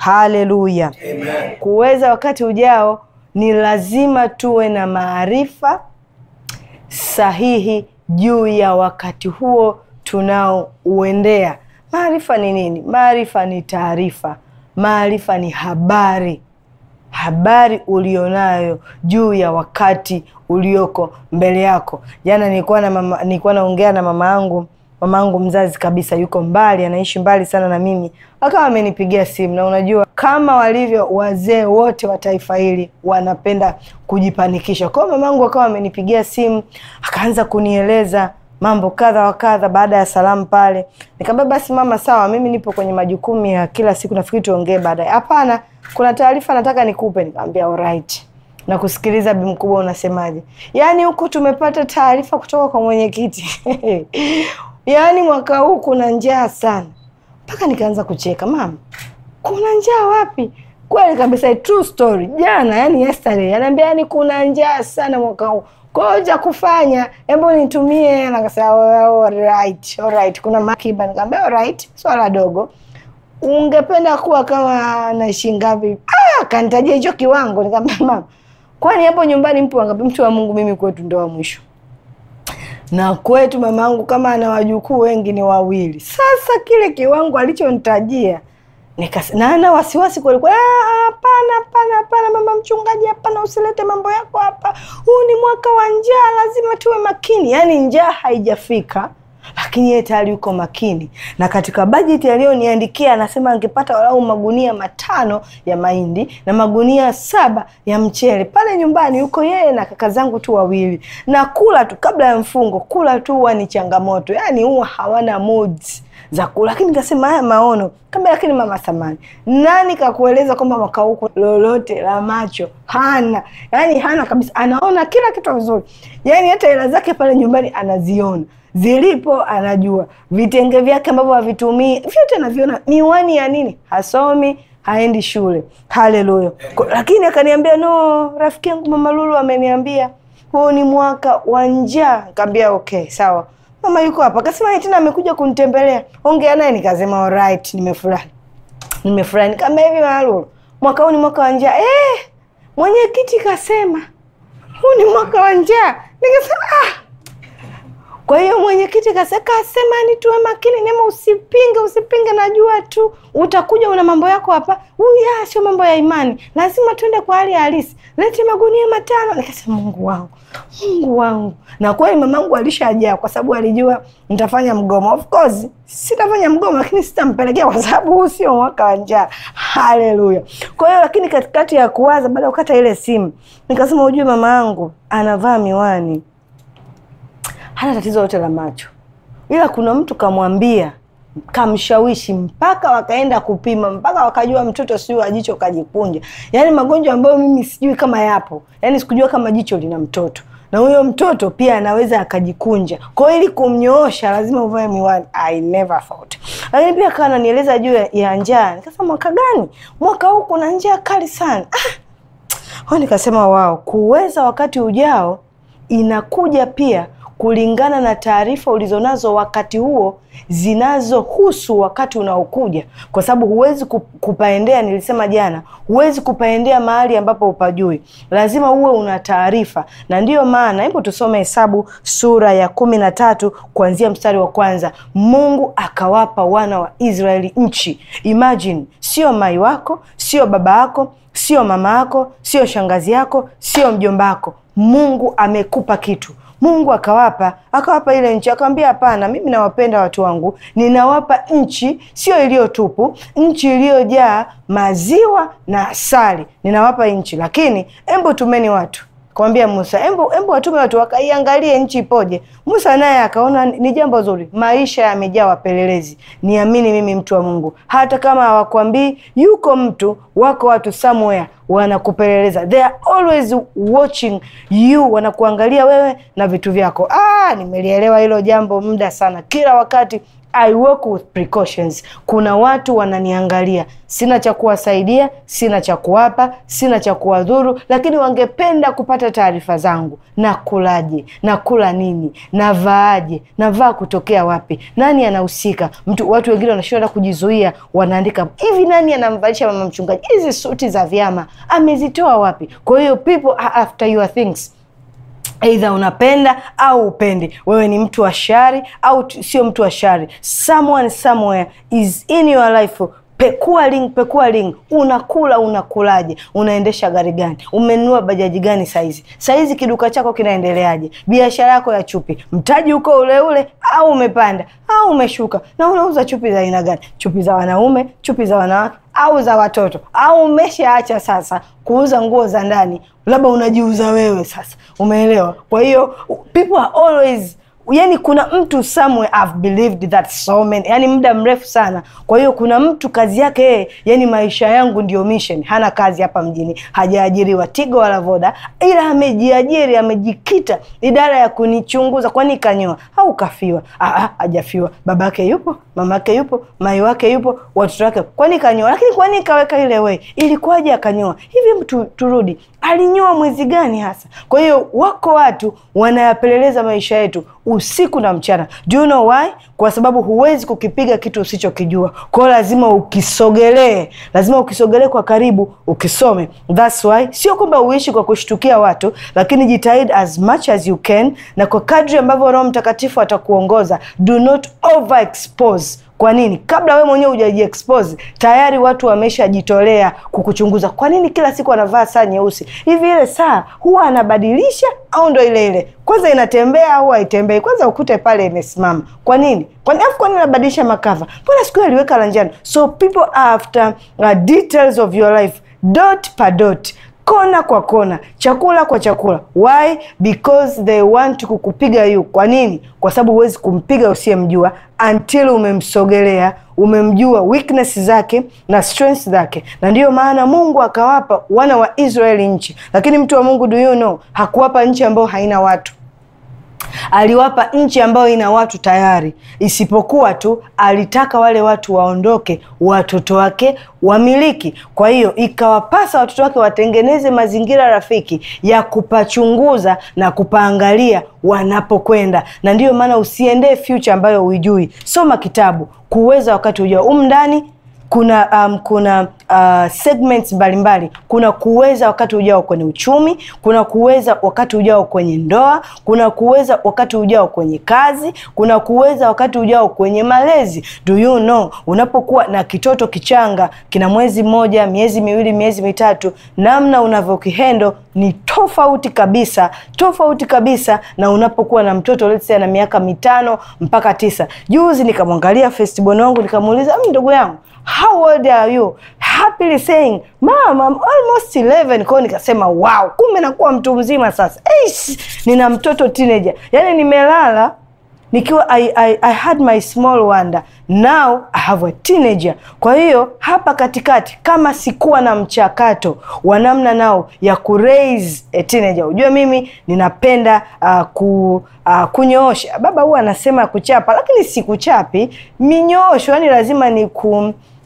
Haleluya, Kuweza wakati ujao, ni lazima tuwe na maarifa sahihi juu ya wakati huo tunaouendea. Maarifa ni nini? Maarifa ni taarifa, maarifa ni habari, habari ulionayo juu ya wakati ulioko mbele yako. Jana nilikuwa na mama, nilikuwa naongea na mama yangu mamangu mzazi kabisa yuko mbali, anaishi mbali sana na mimi, akawa amenipigia simu. Na unajua kama walivyo wazee wote wa taifa hili wanapenda kujipanikisha, kwao, mamangu akawa amenipigia simu, akaanza kunieleza mambo kadha wa kadha. Baada ya salamu pale, nikamwambia basi mama, sawa, mimi nipo kwenye majukumu ya kila siku, nafikiri tuongee baadaye. Hapana, kuna taarifa nataka nikupe. Nikamwambia alright, na kusikiliza bi mkubwa, unasemaje? Yaani huku tumepata taarifa kutoka kwa mwenyekiti yaani mwaka huu kuna njaa sana, mpaka nikaanza kucheka, mama, kuna njaa wapi? Kweli kabisa, true story. Jana yani yesterday, anaambia yani kuna njaa sana mwaka huu koja kufanya hebu nitumie. Nakasema alright, alright, kuna makiba. Nikamwambia alright, swala dogo, ungependa kuwa kama naishi ngapi? Ah, kanitajia hicho kiwango. Nikamwambia mama, kwani hapo nyumbani mpo wangapi? Mtu wa Mungu, mimi kwetu ndo wa mwisho na kwetu mamangu kama ana wajukuu wengi ni wawili. Sasa kile kiwango alichonitajia nikas na ana wasiwasi kweli kweli. Ah, hapana, hapana, hapana mama mchungaji, hapana, usilete mambo yako hapa, huu ni mwaka wa njaa, lazima tuwe makini. Yaani njaa haijafika lakini yeye tayari yuko makini, na katika bajeti aliyoniandikia anasema angepata walau magunia matano ya mahindi na magunia saba ya mchele. Pale nyumbani yuko yeye na kaka zangu tu wawili, na kula tu kabla ya mfungo, kula tu huwa ni changamoto, yaani huwa hawana mood za kula. Lakini nikasema haya maono kama, lakini mama samani nani kakueleza kwamba mwaka huku lolote la macho hana? Yaani hana kabisa, anaona kila kitu vizuri, yaani hata hela zake pale nyumbani anaziona zilipo anajua, vitenge vyake ambavyo havitumii vyote anaviona. Miwani ya nini? Hasomi, haendi shule. Haleluya! Lakini akaniambia no, rafiki yangu mama Lulu ameniambia huu ni mwaka wa njaa. Nikamwambia okay, sawa mama yuko hapa. Akasema tena amekuja kunitembelea, ongea naye. Nikasema alright, nimefurahi, nimefurahi. Nikaambia hivi mama Lulu, mwaka huu ni mwaka wa njaa. Eh, mwenyekiti kasema huu ni mwaka wa njaa. Nikasema ah kwa hiyo mwenyekiti kaseka asema ni tuwe makini, Neema, usipinge usipinge, najua tu utakuja una mambo yako hapa, huyu sio mambo ya imani, lazima tuende kwa hali halisi, lete magunia matano. Nikasema Mungu wangu, Mungu wangu. Na kweli mamangu alishajaa, kwa sababu alijua nitafanya mgomo. Of course sitafanya mgomo, lakini sitampelekea kwa sababu huu sio mwaka wa njaa. Haleluya! Kwa hiyo lakini katikati ya kuwaza, baada ya kukata ile simu, nikasema ujue mama yangu anavaa miwani hana tatizo lote la macho, ila kuna mtu kamwambia, kamshawishi mpaka wakaenda kupima, mpaka wakajua mtoto sijui wa jicho kajikunja. Yani magonjwa ambayo mimi sijui kama yapo, yani sikujua kama jicho lina mtoto na huyo mtoto pia anaweza akajikunja. Kwa hiyo ili kumnyoosha lazima uvae miwani. I never thought. Lakini pia akawa ananieleza juu ya njaa, nikasema mwaka gani? Mwaka huu kuna njaa kali sana. Ah, nikasema wao kuweza wakati ujao inakuja pia kulingana na taarifa ulizonazo wakati huo zinazohusu wakati unaokuja, kwa sababu huwezi kupaendea. Nilisema jana, huwezi kupaendea mahali ambapo upajui, lazima uwe una taarifa. Na ndiyo maana, hebu tusome Hesabu sura ya kumi na tatu kuanzia mstari wa kwanza. Mungu akawapa wana wa Israeli nchi. Imagine, sio mai wako, sio baba yako, sio mama yako, sio shangazi yako, sio mjomba wako. Mungu amekupa kitu Mungu akawapa akawapa ile nchi, akawambia hapana, mimi nawapenda watu wangu, ninawapa nchi sio iliyotupu, nchi iliyojaa maziwa na asali, ninawapa nchi, lakini embo tumeni watu Akamwambia Musa, embo embo watume watu wakaiangalie nchi ipoje. Musa naye akaona ni jambo zuri, maisha yamejaa wapelelezi. Niamini mimi, mtu wa Mungu, hata kama hawakwambii, yuko mtu wako, watu somewhere wanakupeleleza, they are always watching you, wanakuangalia wewe na vitu vyako. Ah, nimelielewa hilo jambo muda sana, kila wakati I work with precautions. Kuna watu wananiangalia, sina cha kuwasaidia, sina cha kuwapa, sina cha kuwadhuru, lakini wangependa kupata taarifa zangu. Nakulaje? Nakula nini? Navaaje? Navaa kutokea wapi? Nani anahusika? Mtu, watu wengine wanashindwa kujizuia, wanaandika hivi, nani anamvalisha mama mchungaji? Hizi suti za vyama amezitoa wapi? Kwa hiyo people are after your things Eidha unapenda au upendi, wewe ni mtu wa shari au sio mtu wa shari. Someone somewhere is in your life Pekua ling, pekua ling, Unakula unakulaje? Unaendesha gari gani? Umenunua bajaji gani saizi? Saizi kiduka chako kinaendeleaje? Biashara yako ya chupi, mtaji uko ule ule au umepanda au umeshuka? Na unauza chupi za aina gani? Chupi za wanaume, chupi za wanawake au za watoto? Au umeshaacha sasa kuuza nguo za ndani, labda unajiuza wewe sasa? Umeelewa? Kwa hiyo people are always yani kuna mtu somewhere have believed that so many, yani muda mrefu sana. Kwa hiyo kuna mtu kazi yake yeye, yani maisha yangu ndio mission, hana kazi hapa mjini, hajaajiriwa Tigo wala Voda, ila amejiajiri, amejikita idara ya kunichunguza, kwani kanyoa au kafiwa? Ah, ah ajafiwa babake yupo mamake yupo, mai wake yupo, watoto wake. Kwani kanyoa? Lakini kwani kaweka ile wei ilikuwaje akanyoa hivi? Mtu turudi, alinyoa mwezi gani hasa? Kwa hiyo wako watu wanayapeleleza maisha yetu usiku na mchana. Do you know why? Kwa sababu huwezi kukipiga kitu usichokijua. kwao lazima ukisogelee, lazima ukisogelee kwa karibu, ukisome. That's why sio kwamba uishi kwa kushtukia watu, lakini jitahidi as much as you can, na kwa kadri ambavyo Roho Mtakatifu atakuongoza. Do not overexpose expose. Kwa nini? Kabla wewe mwenyewe hujaji expose, tayari watu wameshajitolea kukuchunguza. Kwa nini kila siku anavaa saa nyeusi? Hivi ile saa huwa anabadilisha au ndo ile ile? Kwanza inatembea au haitembei? Kwanza ukute pale imesimama. Kwa nini? Kwa nini afu kwa nini anabadilisha makava? Mbona siku aliweka la njano? So people are after uh, details of your life dot pa dot kona kwa kona, chakula kwa chakula. Why? Because they want kukupiga yu. Kwa nini? Kwa sababu huwezi kumpiga usiyemjua until umemsogelea, umemjua weakness zake na strength zake, na ndiyo maana Mungu akawapa wana wa Israeli nchi. Lakini mtu wa Mungu, do you know, hakuwapa nchi ambayo haina watu aliwapa nchi ambayo ina watu tayari, isipokuwa tu alitaka wale watu waondoke, watoto wake wamiliki. Kwa hiyo ikawapasa watoto wake watengeneze mazingira rafiki ya kupachunguza na kupaangalia wanapokwenda, na ndiyo maana usiendee future ambayo huijui. Soma kitabu kuweza wakati ujao ndani kuna um, kuna uh, segments mbalimbali mbali. Kuna kuweza wakati ujao kwenye uchumi, kuna kuweza wakati ujao kwenye ndoa, kuna kuweza wakati ujao kwenye kazi, kuna kuweza wakati ujao kwenye malezi. Do you know, unapokuwa na kitoto kichanga kina mwezi mmoja, miezi miwili, miezi mitatu, namna unavyokihendo ni tofauti kabisa, tofauti kabisa na unapokuwa na mtoto let's say na miaka mitano mpaka tisa. Juzi nikamwangalia Firstborn wangu nikamuuliza, ndugu yangu how old are you happily saying mama I'm almost 11 kwao nikasema wow kumbe nakuwa mtu mzima sasa Eish, nina mtoto teenager yani nimelala nikiwa I, I, I had my small wonder now I have a teenager. Kwa hiyo hapa katikati kama sikuwa na mchakato wa namna nao ya ku raise a teenager, ujue mimi ninapenda uh, ku uh, kunyoosha. Baba huwa anasema kuchapa, lakini sikuchapi minyoosho, yani lazima ni ku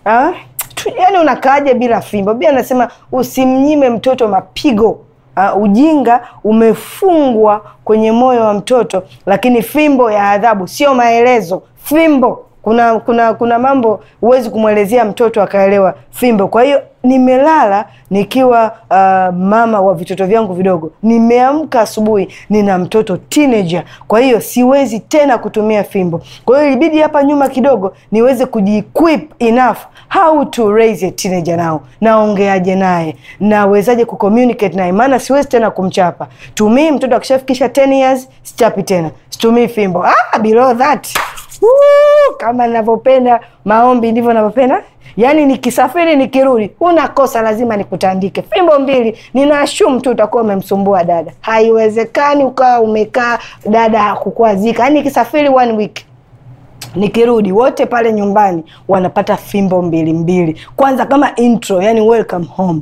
uh, tu, yani unakaaje bila fimbo? Bia anasema usimnyime mtoto mapigo uh, ujinga umefungwa kwenye moyo wa mtoto, lakini fimbo ya adhabu sio maelezo, fimbo kuna kuna kuna mambo huwezi kumwelezea mtoto akaelewa fimbo. Kwa hiyo nimelala nikiwa uh, mama wa vitoto vyangu vidogo, nimeamka asubuhi nina mtoto teenager. Kwa hiyo siwezi tena kutumia fimbo. Kwa hiyo ilibidi hapa nyuma kidogo niweze kujiequip enough how to raise a teenager now, naongeaje naye, nawezaje kucommunicate naye, maana siwezi tena kumchapa. tumii mtoto akishafikisha 10 years sichapi tena, situmii fimbo. Ah, below that kama ninavyopenda maombi ndivyo ninavyopenda. Yaani nikisafiri nikirudi, huna kosa, lazima nikutandike fimbo mbili. Ninaashumu tu utakuwa umemsumbua dada. Haiwezekani ukawa umekaa dada hakukuazika. Yaani nikisafiri one week nikirudi wote pale nyumbani wanapata fimbo mbili mbili. Kwanza kama intro, yani welcome home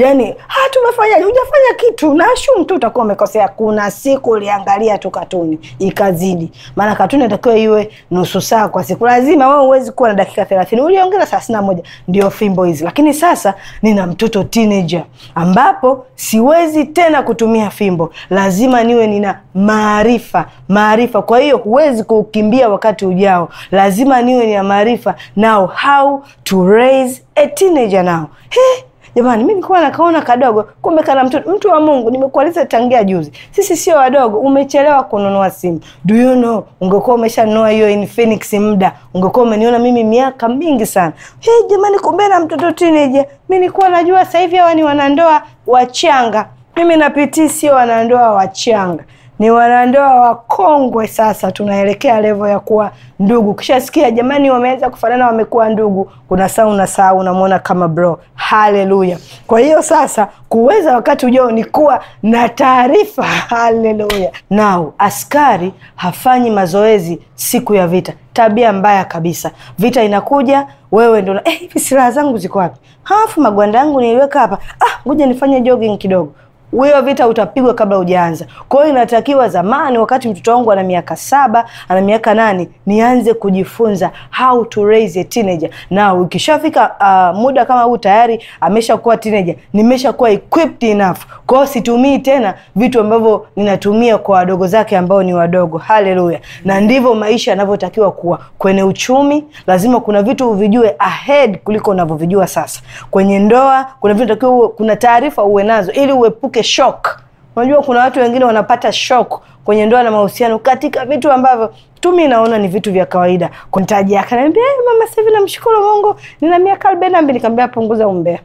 yani ha ah, tumefanya hujafanya kitu na ashum tu utakuwa umekosea. Kuna siku uliangalia tu katuni ikazidi, maana katuni inatakiwa iwe nusu saa kwa siku, lazima wewe huwezi kuwa na dakika thelathini, uliongeza thelathini na moja ndio fimbo hizi. Lakini sasa nina mtoto teenager, ambapo siwezi tena kutumia fimbo, lazima niwe nina maarifa maarifa. Kwa hiyo huwezi kukimbia wakati ujao, lazima niwe nina maarifa now how to raise a teenager now. Hey. Jamani, mimi nilikuwa nakaona kadogo, kumbe kana mtoto. Mtu wa Mungu, nimekualiza tangia juzi, sisi sio wadogo. Umechelewa kununua simu. Do you know, ungekuwa umeshanunua hiyo Infinix muda, ungekuwa umeniona mimi miaka mingi sana. Hey, jamani, kumbe na mtoto teenager. Mimi nilikuwa najua sasa hivi hawa ni wanandoa wachanga. Mimi napitii, sio wanandoa wachanga ni wanandoa wakongwe. Sasa tunaelekea levo ya kuwa ndugu. Ukishasikia jamani, wameanza kufanana, wamekuwa ndugu, kuna saa unasaa unamwona kama bro. Haleluya! Kwa hiyo sasa kuweza wakati ujao ni kuwa na taarifa. Haleluya! Nao askari hafanyi mazoezi siku ya vita, tabia mbaya kabisa. Vita inakuja wewe ndo eh, hivi, eh, silaha zangu ziko wapi? Halafu magwanda yangu niliweka hapa, ah, ngoja ah, nifanye jogging kidogo huyo vita utapigwa kabla ujaanza Kwa hiyo inatakiwa zamani, wakati mtoto wangu ana miaka saba ana miaka nane nianze kujifunza how to raise a teenager, na ukishafika uh, muda kama huu tayari ameshakuwa teenager, nimeshakuwa equipped enough. Kwa hiyo situmii tena vitu ambavyo ninatumia kwa wadogo zake ambao ni wadogo. Haleluya! Na ndivyo maisha yanavyotakiwa kuwa. Kwenye uchumi lazima kuna vitu uvijue ahead kuliko unavyovijua sasa. Kwenye ndoa kuna vitu takiwa, kuna taarifa uwe nazo ili uepuke yake shock. Unajua kuna watu wengine wanapata shock kwenye ndoa na mahusiano katika vitu ambavyo tu mimi naona ni vitu vya kawaida. Kuntaji akaniambia, "Eh mama, sasa hivi namshukuru Mungu, nina miaka 42." Nikamwambia, "Punguza umbea."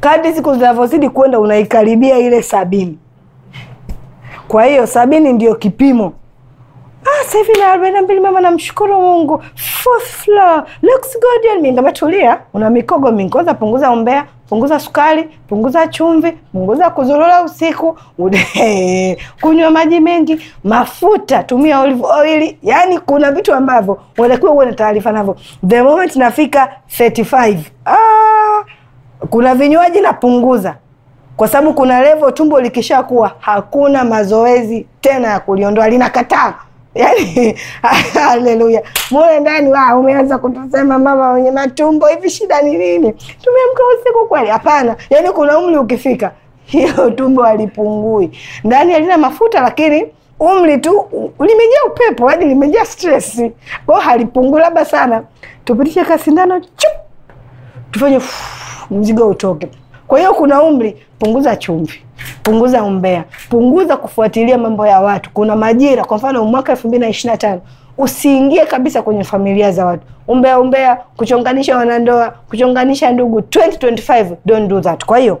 Kadri siku zinavyozidi kwenda unaikaribia ile sabini. Kwa hiyo sabini ndiyo kipimo Ah, sasa hivi na arobaini na mbili mama, namshukuru Mungu. Fourth floor looks good. Yani mimi ngametulia, una mikogo mingoza, punguza umbea, punguza sukari, punguza chumvi, punguza kuzurura usiku, ude, kunywa maji mengi, mafuta, tumia olive oil. Yani kuna vitu ambavyo unatakiwa uwe na taarifa navyo. The moment nafika 35 ah, kuna vinywaji napunguza kwa sababu kuna level tumbo likishakuwa hakuna mazoezi tena ya kuliondoa, linakataa yani haleluya, mule ndani wa umeanza kutusema mama wenye matumbo hivi, shida ni nini? Tumeamka usiku kweli? Hapana, Yaani kuna umri ukifika hiyo tumbo halipungui, ndani halina mafuta, lakini umri tu limejaa upepo, yani limejaa stress, kwa hiyo halipungui. Labda sana tupitishe kasindano chup, tufanye mzigo utoke. Kwa hiyo kuna umri, punguza chumvi punguza umbea, punguza kufuatilia mambo ya watu. Kuna majira, kwa mfano mwaka elfu mbili na ishirini na tano usiingie kabisa kwenye familia za watu, umbea umbea, kuchonganisha wanandoa, kuchonganisha ndugu. 2025 don't do that. Kwa hiyo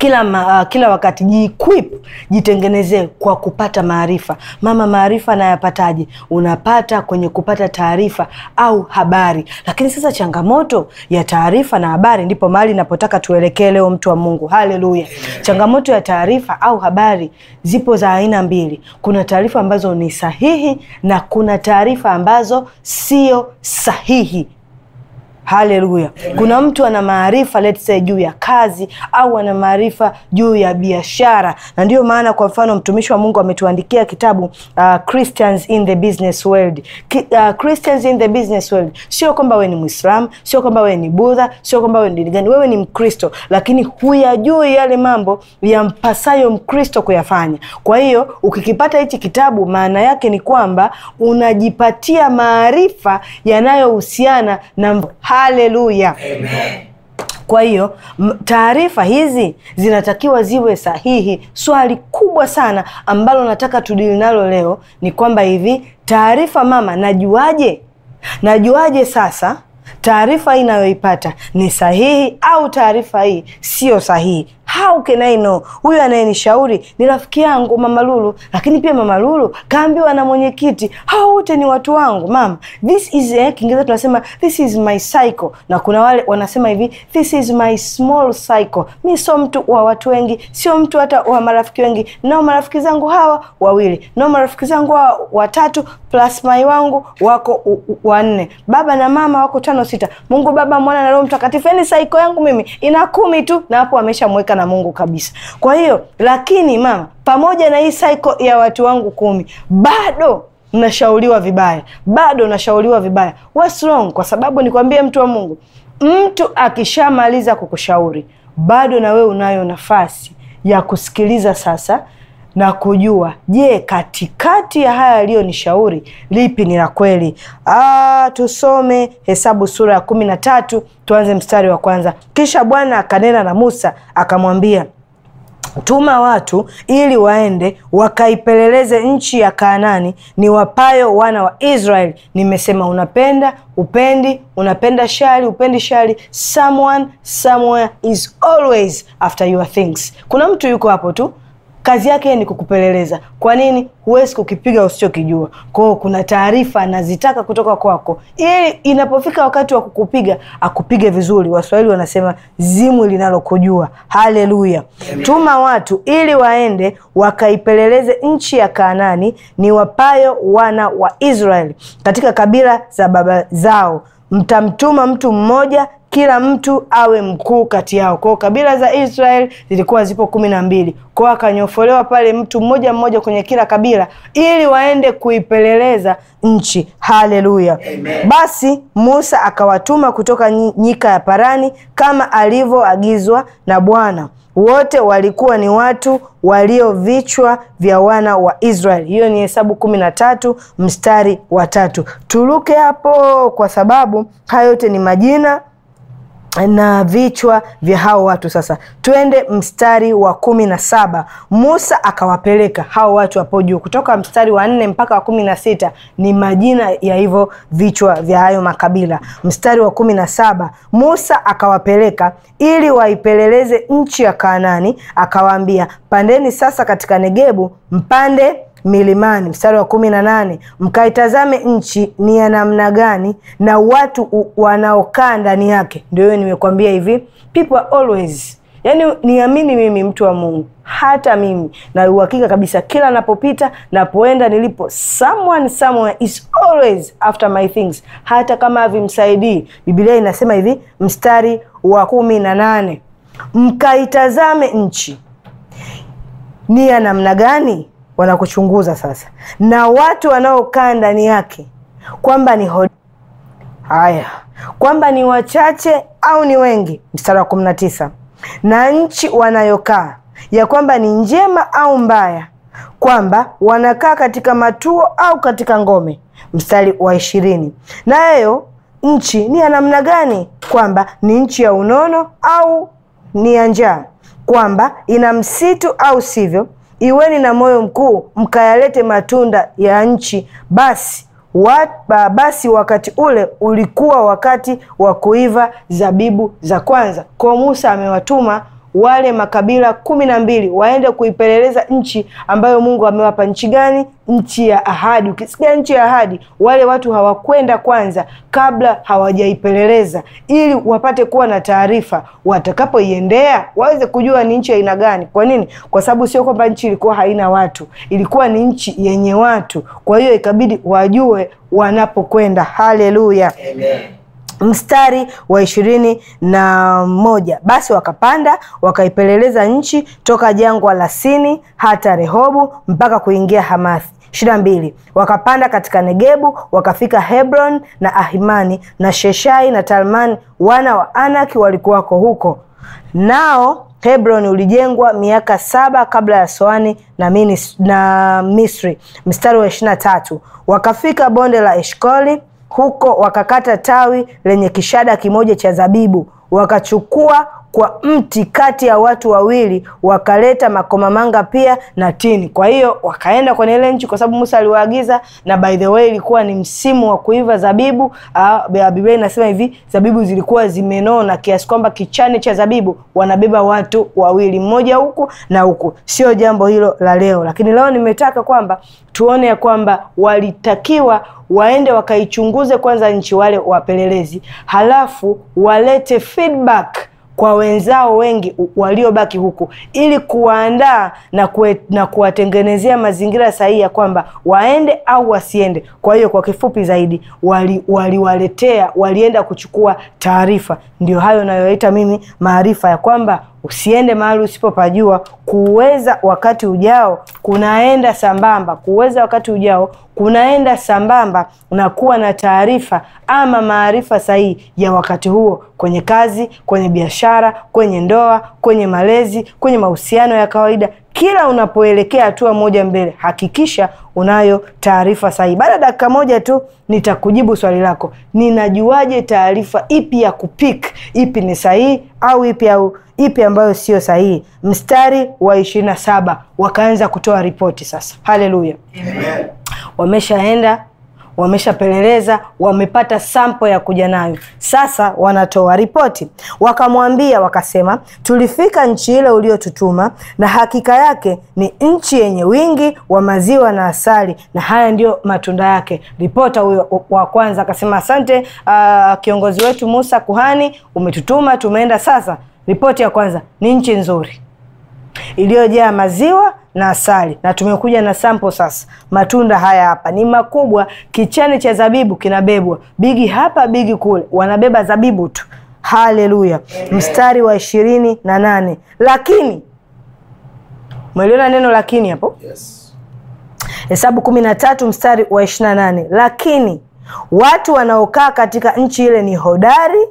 kila, ma, ah, kila wakati jiquip, jitengenezee kwa kupata maarifa. Mama, maarifa nayapataje? Unapata kwenye kupata taarifa au habari. Lakini sasa changamoto ya taarifa na habari, ndipo mahali napotaka tuelekee leo, mtu wa Mungu. Haleluya! Changamoto ya taarifa au habari zipo za aina mbili. Kuna taarifa ambazo ni sahihi na kuna taarifa ambazo sio sahihi. Haleluya. Kuna mtu ana maarifa let's say juu ya kazi au ana maarifa juu ya biashara, na ndiyo maana kwa mfano mtumishi wa Mungu ametuandikia kitabu uh, Christians in the Business World. Ki, uh, Christians in the Business World, sio kwamba wewe ni Muislam, sio kwamba wewe ni Budha, sio kwamba wewe ni dini gani, wewe ni Mkristo, lakini huyajui yale mambo yampasayo Mkristo kuyafanya. Kwa hiyo ukikipata hichi kitabu, maana yake ni kwamba unajipatia maarifa yanayohusiana na Haleluya, Kwa hiyo taarifa hizi zinatakiwa ziwe sahihi. Swali kubwa sana ambalo nataka tudili nalo leo ni kwamba hivi taarifa mama, najuaje? Najuaje sasa taarifa hii inayoipata ni sahihi au taarifa hii sio sahihi? how can I know? Huyu anayenishauri ni rafiki yangu Mama Lulu, lakini pia Mama Lulu kaambiwa na mwenyekiti, hao wote ni watu wangu mama. This is eh, Kiingereza tunasema this is my cycle, na kuna wale wanasema hivi this is my small cycle. Mi sio mtu wa watu wengi, sio mtu hata wa marafiki wengi, nao marafiki zangu hawa wawili, nao marafiki zangu hawa watatu plus mai wangu wako wanne, baba na mama wako tano sita, Mungu Baba, Mwana na Roho Mtakatifu. Yani cycle yangu mimi ina kumi tu, na hapo ameshamweka na Mungu kabisa. Kwa hiyo lakini mama, pamoja na hii cycle ya watu wangu kumi, bado mnashauriwa vibaya, bado nashauriwa vibaya. What's wrong? Kwa sababu nikwambie, mtu wa Mungu, mtu akishamaliza kukushauri, bado na wewe unayo nafasi ya kusikiliza sasa na kujua, je, katikati ya haya yaliyonishauri lipi ni la kweli? Ah, tusome Hesabu sura ya kumi na tatu tuanze mstari wa kwanza. Kisha Bwana akanena na Musa akamwambia, tuma watu ili waende wakaipeleleze nchi ya Kaanani ni wapayo wana wa Israeli. Nimesema unapenda upendi, unapenda shari, upendi shari. Someone somewhere is always after your things. Kuna mtu yuko hapo tu kazi yake ni kukupeleleza. Kwa nini huwezi kukipiga usichokijua? Kwa hiyo kuna taarifa anazitaka kutoka kwako, ili inapofika wakati wa kukupiga akupige vizuri. Waswahili wanasema zimu linalokujua. Haleluya! Tuma watu ili waende wakaipeleleze nchi ya kanani ni wapayo wana wa Israeli katika kabila za baba zao mtamtuma mtu mmoja kila mtu awe mkuu kati yao. Kwao kabila za Israel zilikuwa zipo kumi na mbili. Kwao akanyofolewa pale mtu mmoja mmoja kwenye kila kabila, ili waende kuipeleleza nchi. Haleluya! Basi Musa akawatuma kutoka nyika ya Parani kama alivyoagizwa na Bwana. Wote walikuwa ni watu walio vichwa vya wana wa israel Hiyo ni Hesabu kumi na tatu mstari wa tatu. Turuke hapo, kwa sababu hayo yote ni majina na vichwa vya hao watu. Sasa twende mstari wa kumi na saba. Musa akawapeleka hao watu hapo juu, kutoka mstari wa nne mpaka wa kumi na sita ni majina ya hivyo vichwa vya hayo makabila. Mstari wa kumi na saba, Musa akawapeleka ili waipeleleze nchi ya kaanani akawaambia, pandeni sasa katika Negebu mpande milimani, mstari wa kumi na nane mkaitazame nchi ni ya namna gani na watu wanaokaa ndani yake. Ndio hiyo nimekwambia hivi, people are always yaani, niamini mimi mtu wa Mungu, hata mimi na uhakika kabisa, kila napopita, napoenda, nilipo, someone somewhere is always after my things, hata kama avimsaidii bibilia inasema hivi, mstari wa kumi na nane mkaitazame nchi ni ya namna gani wanakuchunguza sasa, na watu wanaokaa ndani yake kwamba ni hodi haya kwamba ni wachache au ni wengi. Mstari wa kumi na tisa, na nchi wanayokaa ya kwamba ni njema au mbaya, kwamba wanakaa katika matuo au katika ngome. Mstari wa ishirini, nayo nchi ni ya namna gani? Kwamba ni nchi ya unono au ni ya njaa, kwamba ina msitu au sivyo iweni na moyo mkuu, mkayalete matunda ya nchi. Basi wat, basi wakati ule ulikuwa wakati wa kuiva zabibu za kwanza. Kwa Musa amewatuma wale makabila kumi na mbili waende kuipeleleza nchi ambayo Mungu amewapa. Nchi gani? Nchi ya ahadi. Ukisikia nchi ya ahadi, wale watu hawakwenda kwanza kabla hawajaipeleleza, ili wapate kuwa na taarifa, watakapoiendea waweze kujua ni nchi aina gani. Kwa nini? Kwa sababu sio kwamba nchi ilikuwa haina watu, ilikuwa ni nchi yenye watu. Kwa hiyo ikabidi wajue wanapokwenda. Haleluya, amen mstari wa ishirini na moja basi wakapanda wakaipeleleza nchi toka jangwa la Sini hata Rehobu mpaka kuingia Hamathi. ishirini na mbili wakapanda katika Negebu wakafika Hebron na Ahimani na Sheshai na Talmani wana wa Anaki walikuwako huko nao Hebron ulijengwa miaka saba kabla ya Soani na, minis, na Misri. Mstari wa ishirini na tatu wakafika bonde la Eshkoli huko wakakata tawi lenye kishada kimoja cha zabibu, wakachukua kwa mti kati ya watu wawili, wakaleta makomamanga pia na tini. Kwa hiyo wakaenda kwenye ile nchi, kwa sababu Musa aliwaagiza, na by the way ilikuwa ni msimu wa kuiva zabibu. Ah, Biblia inasema hivi, zabibu zilikuwa zimenona kiasi kwamba kichane cha zabibu wanabeba watu wawili, mmoja huku na huku. Sio jambo hilo la leo, lakini leo nimetaka kwamba tuone ya kwamba walitakiwa waende wakaichunguze kwanza nchi wale wapelelezi, halafu walete feedback kwa wenzao wengi waliobaki huku ili kuwaandaa na, kue, na kuwatengenezea mazingira sahihi ya kwamba waende au wasiende. Kwa hiyo kwa kifupi zaidi, waliwaletea wali walienda kuchukua taarifa. Ndio hayo nayoita mimi maarifa ya kwamba usiende mahali usipopajua, kuweza wakati ujao kunaenda sambamba, kuweza wakati ujao kunaenda sambamba na kuwa na taarifa ama maarifa sahihi ya wakati huo, kwenye kazi, kwenye biashara, kwenye ndoa, kwenye malezi, kwenye mahusiano ya kawaida kila unapoelekea hatua moja mbele, hakikisha unayo taarifa sahihi. Baada ya dakika moja tu nitakujibu swali lako, ninajuaje taarifa ipi ya kupik, ipi ni sahihi au ipi au ipi ambayo sio sahihi. Mstari wa ishirini na saba wakaanza kutoa ripoti sasa. Haleluya, wameshaenda wameshapeleleza, wamepata sample ya kuja nayo. Sasa wanatoa ripoti, wakamwambia wakasema, tulifika nchi ile uliotutuma, na hakika yake ni nchi yenye wingi wa maziwa na asali, na haya ndiyo matunda yake. Ripota huyo wa kwanza akasema, asante uh, kiongozi wetu Musa Kuhani, umetutuma tumeenda. Sasa ripoti ya kwanza ni nchi nzuri iliyojaa maziwa na asali, na tumekuja na sampo sasa. Matunda haya hapa ni makubwa, kichane cha zabibu kinabebwa, bigi hapa bigi kule, wanabeba zabibu tu. Haleluya! mstari wa ishirini na nane lakini mweliona neno lakini hapo yes. Hesabu kumi na tatu mstari wa ishirini na nane lakini watu wanaokaa katika nchi ile ni hodari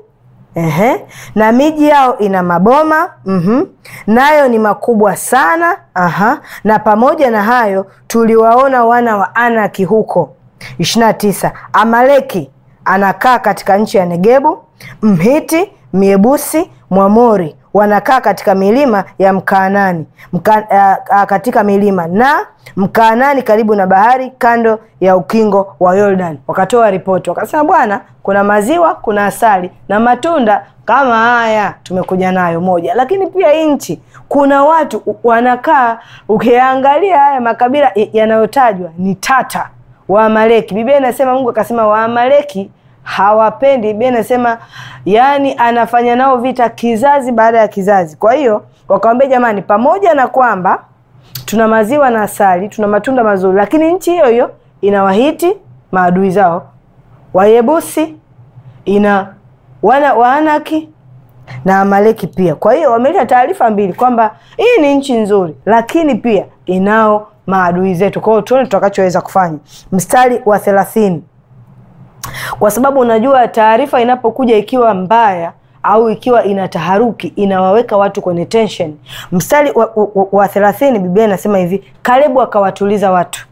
Ehe. Na miji yao ina maboma mm-hmm. nayo ni makubwa sana. Aha. Na pamoja na hayo tuliwaona wana wa Anaki huko. 29. Amaleki anakaa katika nchi ya Negebu, Mhiti, Miebusi, Mwamori wanakaa katika milima ya Mkaanani Mka, uh, katika milima na Mkaanani karibu na bahari kando ya ukingo wa Yordan. Wakatoa ripoti wakasema, bwana, kuna maziwa, kuna asali na matunda kama haya tumekuja nayo moja, lakini pia nchi kuna watu wanakaa. Ukiangalia haya makabila yanayotajwa ni tata Waamaleki. Biblia inasema Mungu akasema Waamaleki hawapendi. Biblia inasema yani anafanya nao vita kizazi baada ya kizazi. Kwa hiyo wakawambia, jamani, pamoja na kwamba tuna maziwa na asali, tuna matunda mazuri, lakini nchi hiyo hiyo ina Wahiti maadui zao, Wayebusi, ina wana Waanaki na Amaleki pia. Kwa hiyo wameleta taarifa mbili kwamba hii ni nchi nzuri, lakini pia inao maadui zetu. Kwa hiyo tuone tutakachoweza kufanya. Mstari wa thelathini kwa sababu unajua taarifa inapokuja ikiwa mbaya au ikiwa ina taharuki inawaweka watu kwenye tension. Mstari wa, wa, thelathini Biblia inasema hivi, Kalebu akawatuliza watu.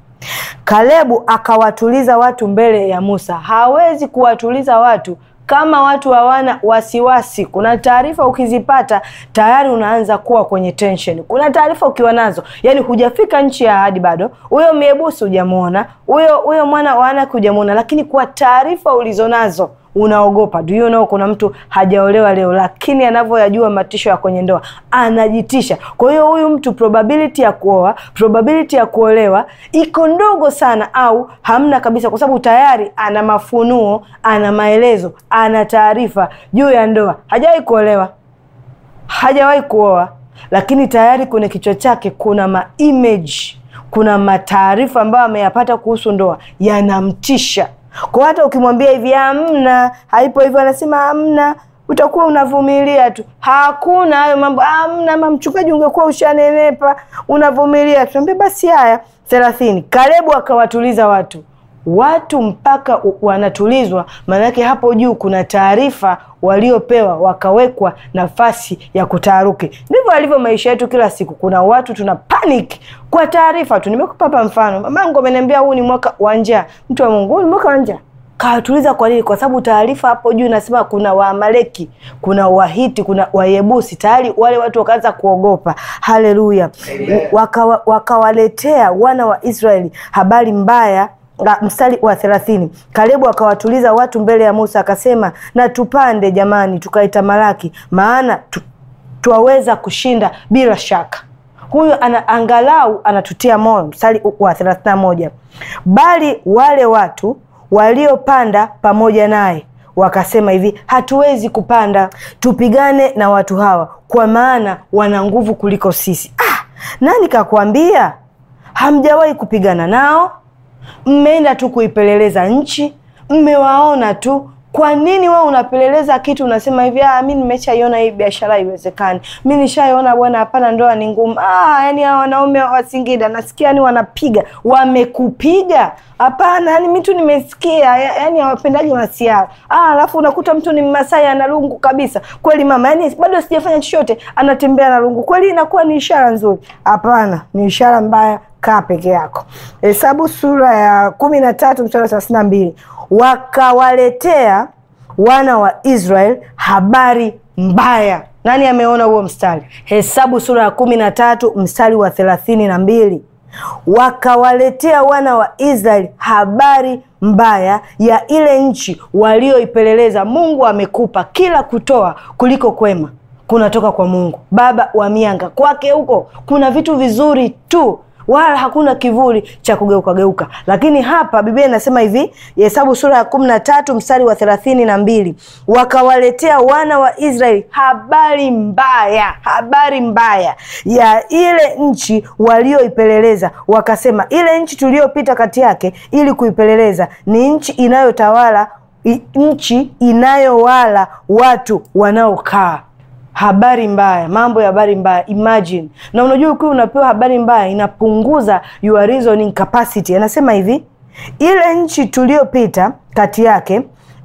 Kalebu akawatuliza watu mbele ya Musa. Hawezi kuwatuliza watu kama watu hawana wasiwasi. Kuna taarifa ukizipata tayari unaanza kuwa kwenye tension. Kuna taarifa ukiwa nazo, yani hujafika nchi ya ahadi bado, huyo miebusi hujamuona, huyo huyo mwana wa Anaki lakini kwa taarifa ulizonazo unaogopa do you know kuna mtu hajaolewa leo lakini anavyoyajua matisho ya kwenye ndoa anajitisha kwa hiyo huyu mtu probability ya kuoa probability ya kuolewa iko ndogo sana au hamna kabisa kwa sababu tayari ana mafunuo ana maelezo ana taarifa juu ya ndoa hajawahi kuolewa hajawahi kuoa lakini tayari kwenye kichwa chake kuna maimeji kuna mataarifa ambayo ameyapata kuhusu ndoa yanamtisha kwa hata ukimwambia hivi amna haipo hivyo, anasema amna utakuwa unavumilia tu. Hakuna hayo mambo hamna, mamchungaji, ungekuwa ushanenepa, unavumilia tu. basi haya thelathini. Kalebu akawatuliza watu watu mpaka wanatulizwa, maanake hapo juu kuna taarifa waliopewa wakawekwa nafasi ya kutaaruki. Ndivyo alivyo maisha yetu kila siku. Kuna watu tuna panic kwa taarifa tu. Nimekupa hapa mfano, mamangu ameniambia huu ni mwaka wa njaa. Mtu wa Mungu, huu ni mwaka wa njaa. Kawatuliza. Kwa nini? Kwa sababu taarifa hapo juu nasema kuna Waamaleki, kuna Wahiti, kuna Wayebusi. Tayari wale watu wakaanza kuogopa. Haleluya! Wakawaletea wana wa Israeli habari mbaya mstari wa thelathini Kalebu akawatuliza watu mbele ya Musa akasema, na tupande jamani, maraki maana tu, twaweza kushinda bila shaka. Huyu ana, angalau anatutia moyo. Mstari wa thelathini na moja bali wale watu waliopanda pamoja naye wakasema hivi, hatuwezi kupanda, tupigane na watu hawa, kwa maana wana nguvu kuliko sisi. Ah, nani kakwambia? Hamjawahi kupigana nao? mmeenda tu kuipeleleza nchi, mmewaona tu. Kwa nini wewe unapeleleza kitu unasema hivi, ah, mimi nimeshaiona hii biashara haiwezekani, mimi nishaiona bwana, hapana, ndoa ni ngumu. Ah, yani hao wanaume wa Singida nasikia ni wanapiga, wamekupiga Hapana, yani mtu nimesikia, yani hawapendaji masiara. Ah, alafu unakuta mtu ni Mmasai ana rungu kabisa. Kweli mama, yani bado sijafanya chochote, anatembea na lungu. Kweli inakuwa ni ishara nzuri? Hapana, ni ishara mbaya. Kaa peke yako. Hesabu sura ya kumi na tatu mstari wa thelathini na mbili wakawaletea wana wa Israel habari mbaya. Nani ameona huo mstari? Hesabu sura ya kumi na tatu mstari wa thelathini na mbili wakawaletea wana wa Israeli habari mbaya ya ile nchi walioipeleleza. Mungu amekupa kila kutoa kuliko kwema kunatoka kwa Mungu Baba wa mianga. Kwake huko kuna vitu vizuri tu wala hakuna kivuli cha kugeuka geuka. Lakini hapa Biblia inasema hivi, Hesabu sura ya kumi na tatu mstari wa thelathini na mbili wakawaletea wana wa Israeli habari mbaya, habari mbaya ya ile nchi walioipeleleza, wakasema, ile nchi tuliyopita kati yake ili kuipeleleza ni nchi inayotawala nchi inayowala watu wanaokaa habari mbaya, mambo ya habari mbaya, imagine. Na unajua ukiwa unapewa habari mbaya inapunguza your reasoning capacity. Anasema hivi, ile nchi tuliyopita kati yake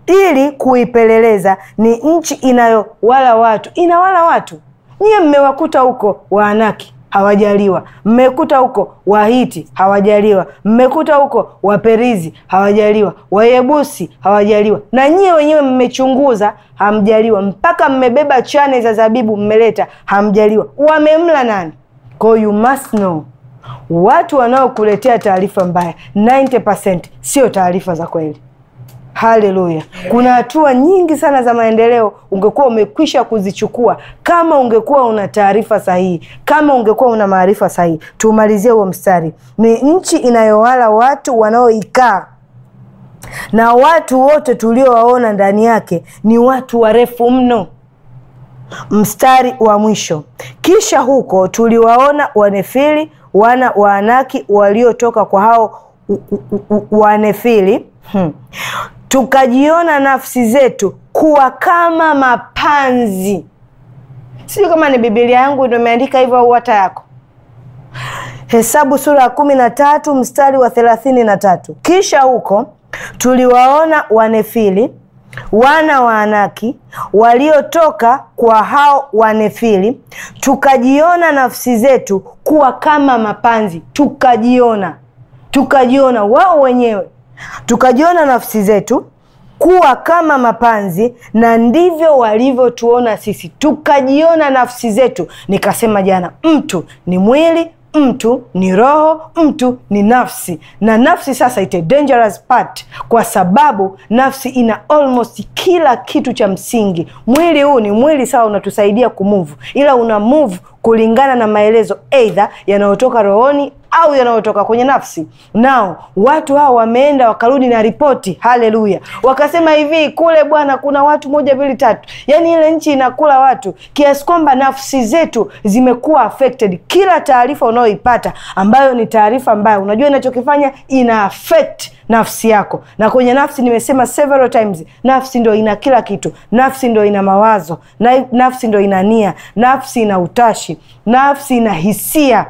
ili kuipeleleza ni nchi inayowala watu, inawala watu. Nyie mmewakuta huko waanaki hawajaliwa. Mmekuta huko Wahiti hawajaliwa, mmekuta huko Waperizi hawajaliwa, Wayebusi hawajaliwa, na nyie wenyewe mmechunguza, hamjaliwa, mpaka mmebeba chane za zabibu mmeleta, hamjaliwa. Wamemla nani? ko you must know watu wanaokuletea taarifa mbaya 90% sio taarifa za kweli. Haleluya! Kuna hatua nyingi sana za maendeleo ungekuwa umekwisha kuzichukua kama ungekuwa una taarifa sahihi, kama ungekuwa una maarifa sahihi. Tumalizie huo mstari. Ni nchi inayowala watu wanaoikaa na watu wote tuliowaona ndani yake ni watu warefu mno. Mstari wa mwisho, kisha huko tuliwaona Wanefili wana wa Anaki waliotoka kwa hao Wanefili. Hmm tukajiona nafsi zetu kuwa kama mapanzi. Sijui kama ni Biblia yangu ndio imeandika hivyo au hata yako. Hesabu sura ya kumi na tatu mstari wa thelathini na tatu kisha huko tuliwaona Wanefili wana wa Anaki waliotoka kwa hao Wanefili, tukajiona nafsi zetu kuwa kama mapanzi. Tukajiona, tukajiona wao wenyewe tukajiona nafsi zetu kuwa kama mapanzi, na ndivyo walivyotuona sisi, tukajiona nafsi zetu. Nikasema jana, mtu ni mwili, mtu ni roho, mtu ni nafsi, na nafsi sasa ite dangerous part, kwa sababu nafsi ina almost kila kitu cha msingi. Mwili huu ni mwili, sawa, unatusaidia kumove, ila una move kulingana na maelezo eidha yanayotoka rohoni au yanayotoka kwenye nafsi. Nao watu hao wameenda wakarudi na ripoti, haleluya, wakasema hivi, kule bwana kuna watu moja mbili tatu. Yani ile nchi inakula watu kiasi kwamba nafsi zetu zimekuwa affected. Kila taarifa unayoipata ambayo ni taarifa mbaya, unajua inachokifanya ina affect nafsi yako. Na kwenye nafsi nimesema several times, nafsi ndo ina kila kitu. Nafsi ndo ina mawazo nafsi ndo ina nia, nafsi ina utashi, nafsi ina hisia